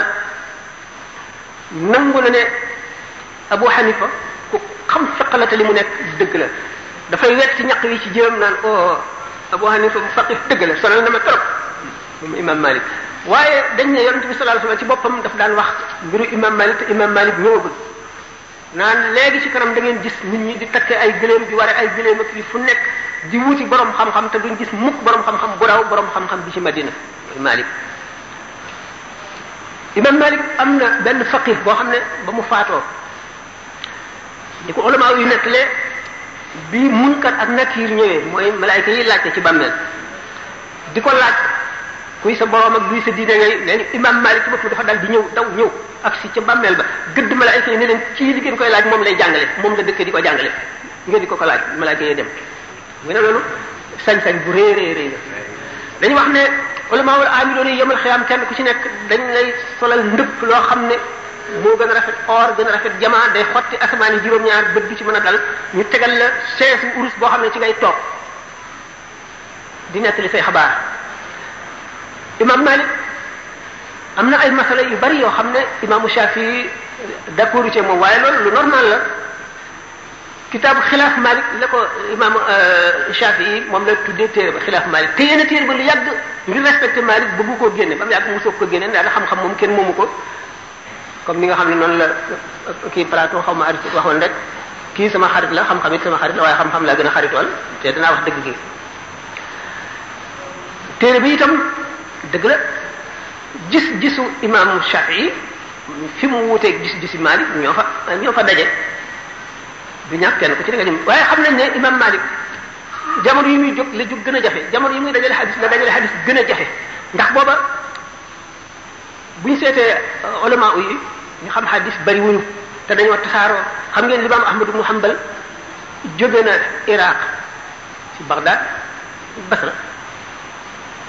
nangu na ne Abu Hanifa ku xam fiq la te li mu nekk dëgg la dafay wet ci ñaq yi ci jëm naan o oh, Abu Hanifa mu faqih dëgg la sonal na ma trop imam Malik waaye dañ ne yonent bi sallallahu ci boppam daf daan wax mbiru imam Malik te imam Malik ñëwagul naan léegi ci kanam da ngeen gis nit ñi di takk ay gëléem di ware ay gëléem yi fu nekk di wuti borom xam-xam te duñ gis mukk borom xam-xam bu raw borom xam-xam bi ci Madina Malik imam Malik am na benn faqih boo xam ne ba mu faatoo di ko ulama yu nettalee bi Munkar ak Nakiir ñëwee mooy malaayka yi laajte ci bàmmeel di ko laaj kuy sa borom ak duy sa diine ngay nee na imam Malik ci boppam dafa dal di ñëw daw ñëw ak si ca bàmmeel ba gëdd malaayka yi ne leen kii li ngeen koy laaj moom lay jàngale moom la dëkk ko jàngale ngeen ko ko laaj malaayka yi dem mu ne loolu sañ-sañ bu rëy rëy rëy la dañu wax ne ulama wal amiloon yi yemal xiyaam kenn ku ci nekk dañ lay solal ndëpp loo xam ne moo gën a rafet or gën a rafet jamaa day xotti asamaan yi juróom-ñaar bët du ci mën a dal ñu tegal la chaise urus boo xam ne ci ngay toog di li say xabaar imam malik am na ay masala yu bari yoo xam ne imaamu Shafii d'accord ci moom waaye loolu lu normal la kitaabu xilaaf malik la ko imaamu euh, Shafii moom la tuddee téere ba xilaaf malik te yenn téere ba lu yàgg ngir respecté malik bëggu koo génne ba mu yàgg mu soog ko génne ndax xam-xam moom kenn moomu ko comme ni nga xam ne noonu la euh, kii Platon xaw ma Aristote waxoon rek kii sama xarit la xam-xam it sama la waaye xam-xam laa gën a xaritool te danaa wax dëgg gi dëgg la gis-gisu imaamu Shafii fi mu wuuteeg gis-gisi Malik ñoo fa daje du ñàkk kenn ku ci ne nga jëm waaye xam nañ ne Malik jamono yi muy jóg la jóg gën a jafe jamono yi muy dajale xadis la dajale xadis gën a jafe ndax booba bu ñu seetee euh, ulama yi ñu xam xadis bari wuñu te dañoo tasaaroo xam ngeen limaam Ahmad ibn Hanbal jóge na Iraq ci Baghdad Basra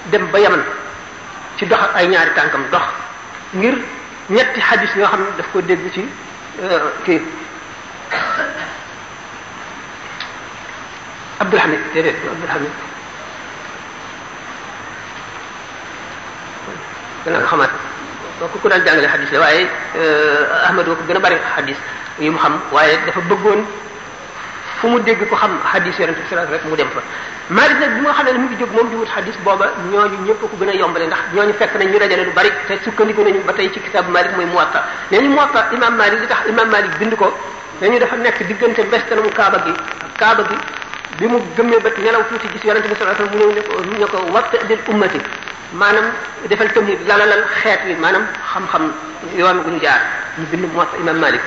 dem ba Yaman ci dox ay ñaari tànkam dox ngir ñetti xadis yoo xam ne daf koo dégg ci euh, kii Abdul Hamid déedéet Abdul Hamid dana ko xamaat kooku ku daan jàngale xadis la waaye euh, Ahmad ko gën a bari xadis yi mu xam waaye dafa bëggoon fu mu dégg ko xam xadis yonente bi rek mu dem fa Maalik nag bi nga xam ne mu ngi jóg moom di wut booba ñooñu ñëpp ko gën a yombale ndax ñooñu fekk nañ ñu dajale lu bari te sukkandiku nañu ba tey ci kitaabu Maalik mooy Muwatta nee ñu ko dafa nekk diggante mbestanamu Kaaba gi Kaaba gi bi mu gëmmee bët nelaw tuuti gis yonente bi sallallahu alayhi wasallam mu ñëw ne ko watta lil ummati maanaam defal xeet wi maanaam xam-xam yoon guñ jaar bind Muwatta imaam Maalik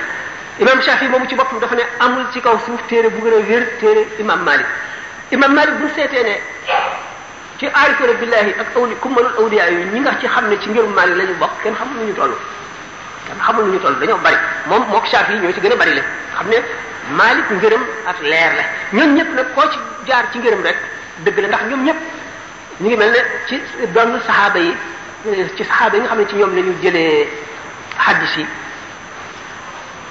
imaam Shafi moomu ci boppam dafa ne amul ci kaw suuf téere bu gën a wér téere imaam Maalik imam Malik bu seetee ne ci aarifuna billahi ak awli kummalul awliya yi ñi nga ci xam ne ci ngirum Malik la ñu bokk kenn xamul lu ñu toll kenn xamul lu ñu toll dañoo bari moom mook Shafi yi ñoo ci gën a bari la xam ne Malik ngërëm ak leer la ñoom ñëpp nag koo ci jaar ci ngërëm rek dëgg la ndax ñoom ñëpp ñu ngi mel ne ci doon yi ci saxaaba yi ñu xam ne ci ñoom la ñu jëlee xaddis yi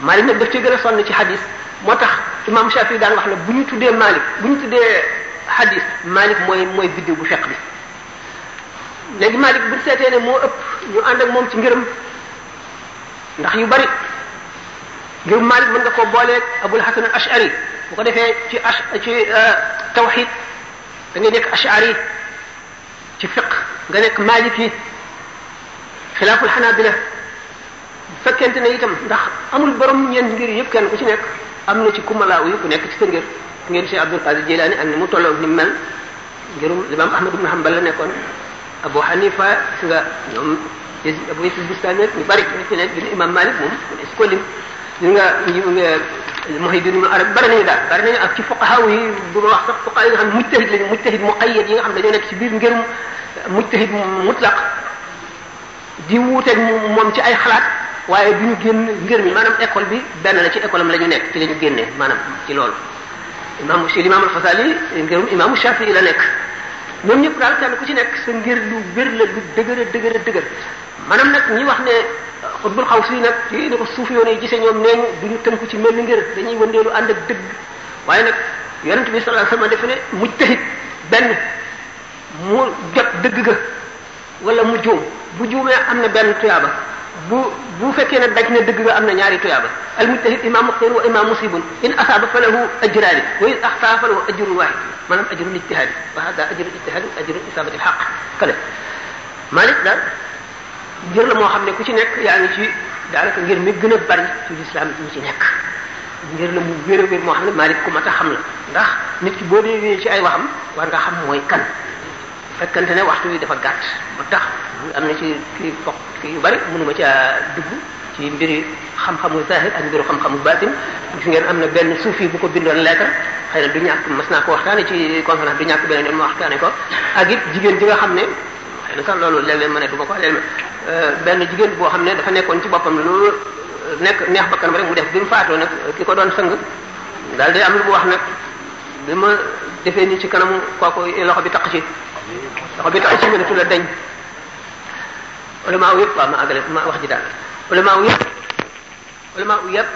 Malik nag daf ci gën a sol sonn ci xaddis moo tax imam Shafi daan wax ne bu ñu tuddee Malik bu ñu tuddee hadis Malik mooy mooy biddiw bu fekk bi léegi Malik bu seetee ne moo ëpp ñu ànd ak ci ngërëm ndax yu bari ngir Malik mën nga koo booleeg Abul Hasan al Ash'ari bu ko defee ci ash ci euh, nekk Ash'ari ci fiq nga nekk Maliki xilaaful Hanabila fekkente ne itam ndax amul borom ñeent ngir yëpp kenn ku ci nekk. am na ci kumalaaw yu bu nekk ci Tëngéej ngeen Cheikh Abdul Qadir Jilani ak ni mu tolloo ni mel ngirum Imam Ahmad ibn Hanbal la nekkoon Abu Hanifa si nga ñoom Abu Yusuf Bistami ñu bari ñu ci nekk bi Imam Malik moom est-ce que lim ñu nga Muhaydin ibn Arab bari nañu daal bari nañu ak ci fuqaha yi bu ma wax sax fuqaha yi nga xam ne mujtahid lañu mujtahid muqayyad yi nga xam ne dañoo nekk ci biir ngirum mujtahid mutlaq di wuuteeg moom ci ay xalaat waaye du ñu génn ngir mi maanaam école bi benn la ci école am la ñu nekk ci la ñu génnee maanaam ci loolu imam si imam al-Ghazali ngërum imaamu Shafi'i la nekk ñoom ñëpp daal kenn ku ci nekk sa ngir lu wér la lu dëgër a dëgër maanaam nag ñi wax ne xutbul xaw si nag ci ni suuf yoon yi gisee ñoom neeñ du ñu ko ci mel ni ngir dañuy wëndeelu ànd ak dëgg waaye nag yonent bi sallallahu alayhi wasallam defe ne mujtahid benn mu jot dëgg ga wala mu juum bu juumee am na benn tuyaaba bu bu fekkee ne daj na dëgg nga am na ñaari tuyaaba al mujtahid imam muxtin wa imam musibun in asaba falahu ajraani wa in axtaa falahu ajrun waahid maanaam ajrul ijtihaadi wa hada ajrul ijtihaadi ajrul isabati al xaq kale Malik da njër la moo xam ne ku ci nekk yaa ngi ci daanaka ngir mi gën a bari ci lislaam ci ñu ci nekk ngir la mu wér a moo xam ne Malik ko mat a xam na ndax nit ki boo dee ci ay waxam war nga xam mooy kan fekkante ne waxtu wi dafa gàtt moo tax am na ci kii fo ki yu bari mënuma caa dugg ci mbiri xam-xamu zahir ak mbiru xam-xamu baatin gis ngeen am na benn suufi bu ko bindoon lettre xëy na naa ko waxtaane ci conférence du ñàkk beneen yoon ma waxtaane ko ak it jigéen nga xam ne na sax loolu léeg-léeg ma ne du euh, benn jigéen boo xam ne dafa nekkoon ci boppam loolu nekk neex bakkan ba rek mu def bi mu faatoo nag ki ko doon sëng daal day am lu mu wax nag ma defee nii ci kanamu kooku loxo bi taq ci loxo bi tax ci mënatu la dañ ulama yëpp waaw ma àggale ma wax ji daal ulama yëpp ulama yëpp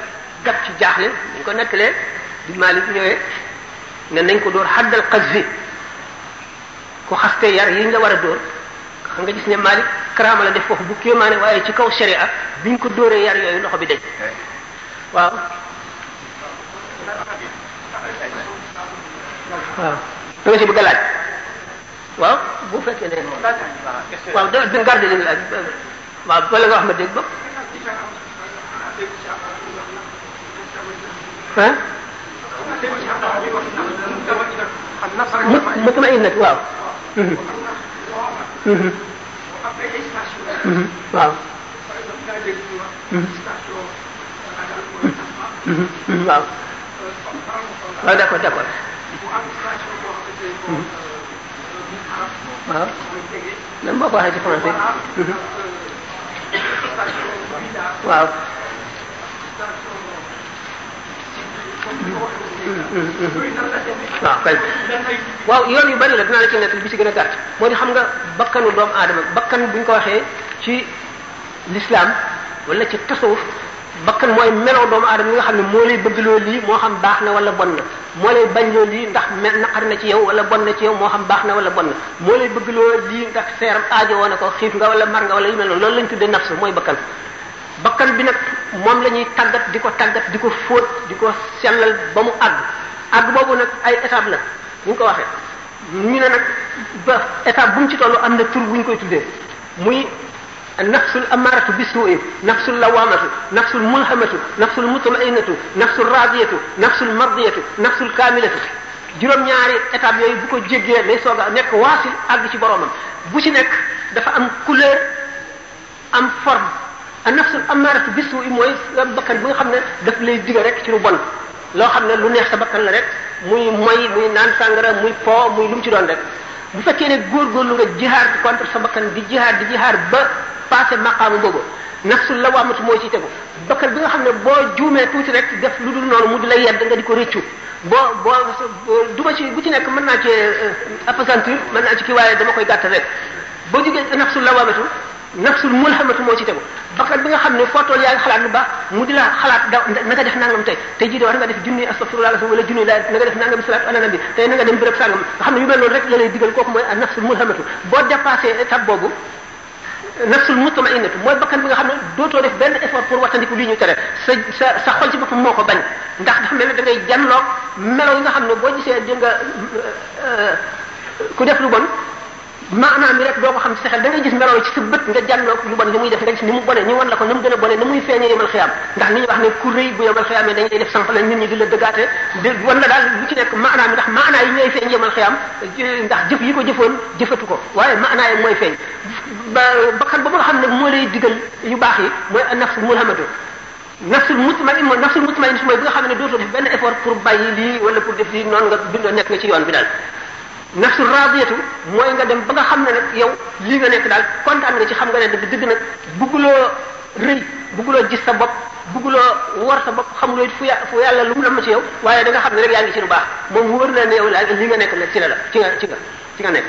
gab ci jaaxle dañ ko nettalee bi Malik ñëwee ne nañ ko dóor xaddal xas bi xaste yar yi nga war a dóor xam nga gis ne Malik karaama la def foofu bu kéemaane waaye ci kaw sharia biñ ko dóoree yar yooyu loxo bi dañ waaw waaw da nga si waaw bu fekkee ne waaw da duñ garder li laaj waaw bala nga wax ma dégg ba ah mutmainat waaw mhm. Mhm. Mhm. waaw waaw waaw d'accord d'accord waaw même boo ko waxee ci français waaw yoon yu bari la dinaa la ci nekk bi ci gën a gàtt moo di xam nga bakkanu doomu adama bakkan bu ñu ko waxee ci l'islam wala ci tasawuf bakkan mooy meloo doomu aadama yi nga xam ne moo lay bëgg loo lii moo xam baax na wala bon na moo lay bañ loo lii ndax mel naqar na ci yow wala bon na ci yow moo xam baax na wala bon na moo lay bëgg loo lii ndax seeram aajo woon na ko xiif nga wala mar nga wala yu mel noonu loolu lañ tuddee nafsu mooy bakkan bakkan bi nag moom la ñuy tàggat di ko tàggat di ko fóot di ko sellal ba mu àgg àgg boobu nag ay étape la mu ñu ko waxee ñu ne nag ba étape bu mu ci tollu am na tur bu ñu koy tuddee muy nafsul amaratu bisuu'i nafsul lawaamatu nafsul mulhamatu nafsul mutmainatu nafsul radiyatu nafsul mardiyatu nafsul kaamilatu juróom-ñaari étape yooyu bu ko jéggee day soog a nekk waasil àgg ci boromam bu ci nekk dafa am couleur am forme a nafsul amaratu bisuu'i mooy sa bakkan bi nga xam ne daf lay diga rek ci bon loo xam ne lu neex sa bakkan la rek muy moy muy naan sàngara muy po muy lu mu ci doon rek bu fekkee ne góor góorgóorlu nga jihaar contre sa bakkan di jihaar di jihaar ba passé maqaamu boobu nafsul lawaamatu moo ci tegu bakkan bi nga xam ne boo juumee tuuti rek def lu dul noonu mu di la yedd nga di ko rëccu boo boo ma ci bu ci nekk mën naa ci euh, apesanteur mën naa ci kii waaye dama koy gàttal rek boo jógee nafsul lawaamatu nafsul mulhamatu moo ci tegu bakkan bi nga xam ne foo toll yaa ngi xalaat lu baax mu di la xalaat da na nga def nangam tey tey jii de war nga def junni astaghfirullah wala junni la na nga def nangam salaatu ala nabi tey na nga dem béréb sàngam nga xam ne yu mel noonu rek la lay digal kooku mooy nafsul mulhamatu boo dépassé étape boobu nafsul mutmainatu mooy bakkan bi nga xam ne dootoo def benn effort pour wattandiku lii ñu tere sa sa sa xol ci boppam moo ko bañ ndax dafa mel ne da ngay janloo melo yi nga xam ne boo gisee di nga euh, ku def lu bon maanaam mi rek doo ko xam ci sa xel da ci sa nga jàlloo lu bon li muy def nga gis ni mu bone ñu wan ko ni mu gën a bone ni muy feeñee feeñ yemal xiyaam ndax jëf yi ko jëfoon jëfatu ko waaye maanaa yi mooy feeñ ba bakkan ba nga xam ne moo lay digal yu baax yi mooy nafsu mulhamatu nafsul mutmain mooy nafsul mutmain su mooy bi nga xam ne dootoo benn effort pour bàyyi lii wala pour def lii noonu nga bindoo nekk nga ci yoon bi daal nafsu raadiyatu mooy nga dem ba nga xam ne nag yow lii nga nekk daal kontaan nga ci xam nga ne dëgg dëgg nag bugguloo rëy bugguloo gis sa bopp bugguloo war sa bopp xam it fu fu yàlla lu mu ma ci yow waaye da nga xam ne rek yaa ngi ci lu baax moom wóor na ne yow daal li nga nekk nag ci la la ci nga ci nga ci nga nekk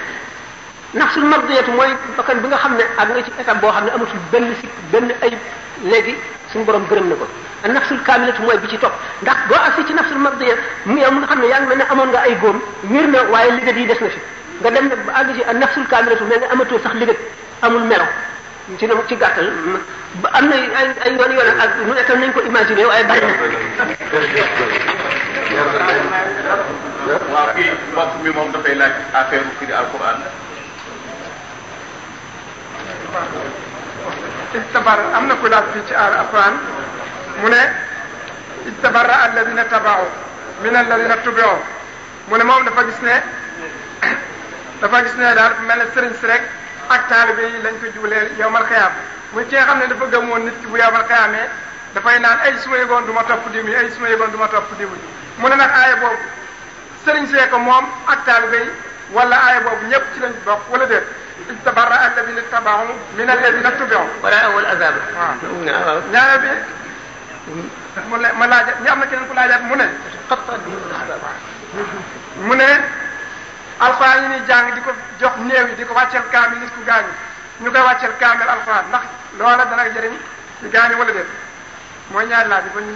nafsul mardiyatu mooy bakkan bi nga xam ne ak nga ci étape boo xam ne amatul benn sikk benn ayib léegi suñu borom gërëm na ko a nafsul kaamilatu mooy bi ci topp ndax boo agsi ci nafsul mardiya mu yow mu nga xam ne yaa ngi mel ne amoon nga ay góom wér na waaye liggéey yi des na fi nga dem nag ba àgg ci a nafsul kaamilatu mel ne amatoo sax liggéey amul melo ci na ci gàttal ba na ay ay ak nu nekkal nañ ko imaginer waaye bari na waaw kii bopp bi moom dafay laaj affaire u firi alquran ijtabara am na ko laaj fii ci aar alquran mu ne ijtabara alladina tabau min alladina tubio mu ne moom dafa gis ne dafa gis ne daal mel ne sëriñ si rek ak taalibe yi lañ ko jubalee yowmal xiyaam muy ki xam ne dafa gëm woon nit ki bu yowmal xiyaamee dafay naan ay suma yëgoon du ma topp diw yi ay suma yëgoon du ma topp diw yi mu ne nag aaya boobu sëriñ see ko moom ak taalibe yi wala aaya boobu ñëpp ci lañ bokk wala déet istabarra alladina tabaxu min alladina tubiu wala awal azab waaw ñaareel bi mu ne ma laaja ñu am na keneen ku laajaat mu ne mu ne alxuraan yi ñuy jàng di ko jox néew yi di ko wàcceel kaamil nit ku gaañu ñu koy wàcceel kaamil alxuraan ndax loola dana jëriñ ñu gaañu wala déet mooy ñaari laaj yi ba ñu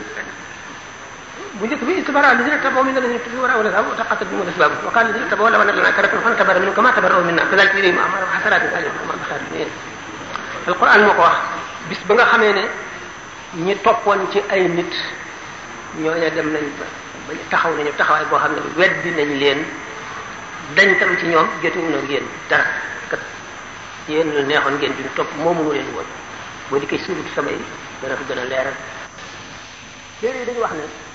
bu njëkk bi istabaraa lazina taboo mina lazina tubi'u waraa'u wa daqqat bihim al-asbaab wa qaala lazina taboo law anna lanaa wa bis ba nga xamee ne ñi toppoon ci ay nit ñooñu dem nañ taxaw nañu taxawaay boo xam ne weddi nañ leen dañ tam ci ñoom jotuñu ak yéen dara kat yéen neexoon ngeen duñ topp moomu mu leen woon boo dikkee suuratu Saba yi dana ko gën a leeral. léeg dañu wax ne.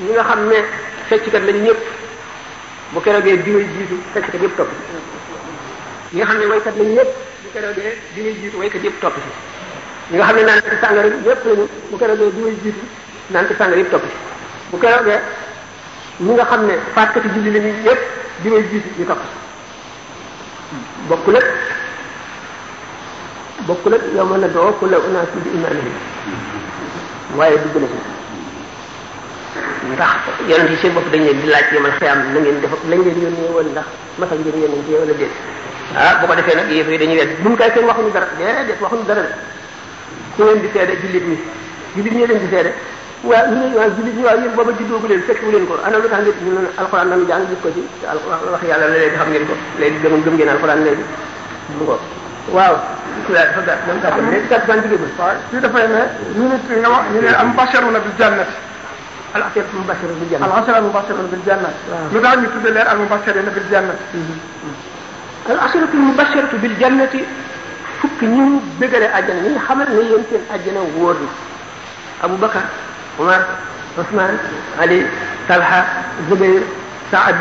ñu nga xam ne fecckat lañ ñëpp bu keroogee diwee jiitu fecckat yëpp topp nga xam ne waykat lañ ñëpp bu keroogee diwee jiitu waykat yëpp topp si ñi nga xam ne naan ko sàngara ñëpp lañu bu keroogee diwee jiitu naan ko sàngara yëpp topp si bu keroogee ñi nga xam ne faatkati julli lañu ñëpp diwee jiitu ñu topp si bokk nag bokk nag yow mën na doo ku la unaa si bi waaye dugg na si ndax yonent yi seen bopp dañ leen di laaj yomal xiyam la ngeen def lañ leen yónnee woon ndax masal ngeen yónnee wala déet ah bu mu kay seen waxuñu dara déedéet waxuñu dara ku leen di seede jullit ñi di seede waaw ñu ne ko ana lu tax ngeen ñu ne ko ci te alxuraan wax yàlla la léegi xam ngeen ko léegi wax ñu ne am basharu na bi jannati al ashara al mubashirun bil janna al ashara al mubashirun bil janna ñu daal ñu tudde leen mm-hmm. al mubashirun bil janna al asharatu al mubashiratu bil jannati fukki ñi ñu bëggale àjjana ñi nga xamal ne yéen seen àjjana wóor na Abu Bakar Umar Ousmane Ali Talha Zubayr Saad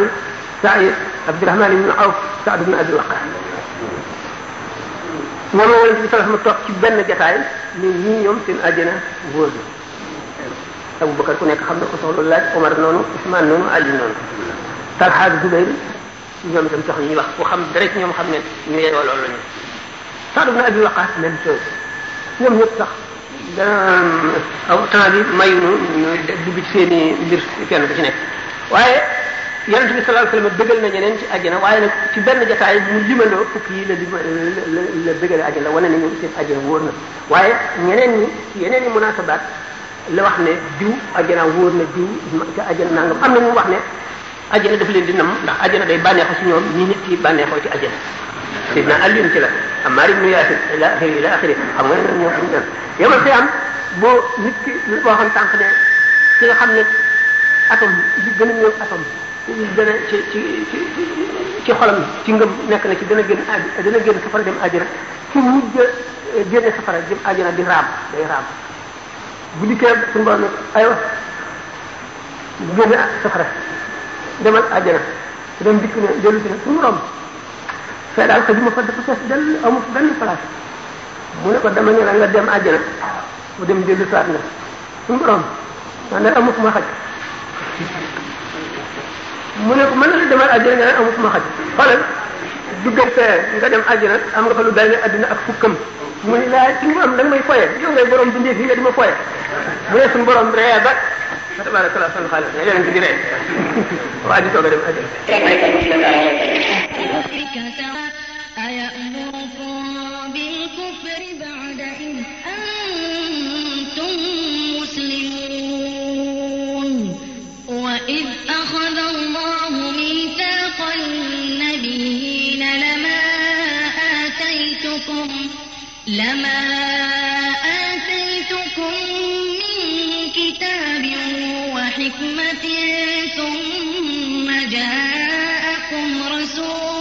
Saïd Abdurahman ibn Awf Saad ibn Abi Waqas moom la wala ci toog ci benn jataay ne ñii ñoom seen àjjana wóor na Abu Bakar ku nekk xam na ko soxla laaj Omar noonu Usmaan noonu Ali noonu. Talha ak Zubayr ñoom itam tax ñuy wax ku xam dara ci ñoom xam ne ñu yeewoo loolu la ñu. Saad ibn Abi Waqaas même chose ñoom ñëpp sax dana aw temps bi mayu ñu dugg ci seen i mbir kenn ku ci nekk waaye. yonent bi sallallahu alayhi na ñeneen ci àjjana waaye nag ci benn jotaay mu limandoo fukk la lima la la bëggale àjjana wane nañu seen àjjana wóor na waaye ñeneen yeneen i munaasabaat la wax ne diw ajana wóor na diw ca ajana nangam am na ñu wax ne ajana daf leen di nam ndax ajana day bànneexoo ci ñoom ñi nit ki bànneexoo ci ajana sidna Alioune ci la Ammaar ibnu Yaasir ila axiri ila axiri xam nga ñoo xam ne yomal xiyaam boo nit ki li waxoon tànk ne ki nga xam ne atom gën a gën a ci ci ci ci xolam ci ngëm nekk na ci dana génn aj dana génn safara dem ajana ki mujj génne safara jëm ajana di raam day raam bu dikkee suñu borom ne aywa bu génne ah safara demal àjjana su dem dikk ne dellu si ne fu mu romb fee daal xëy ma fa dafa fees dell amul benn ko dama ne la nga dem àjjana mu dem dellu soit na suñu borom man nag amul ma xaj mu ne ko mën na la demal àjjana nga ne amul ma xaj xoolal duggal fee nga dem àjjana am nga fa lu day ne àddina ak fukkam mu ne laa ci mu am da nga may foye yow ngay borom bindee fii nga di ma foye mu ne suñu borom ree ba fa tabaraka la san xaalis ne yonent bi ree waa ji soog a dem àjjana وإذ أخذ الله ميثاق آتيتكم لما آتيتكم من كتاب وحكمة ثم جاءكم رسول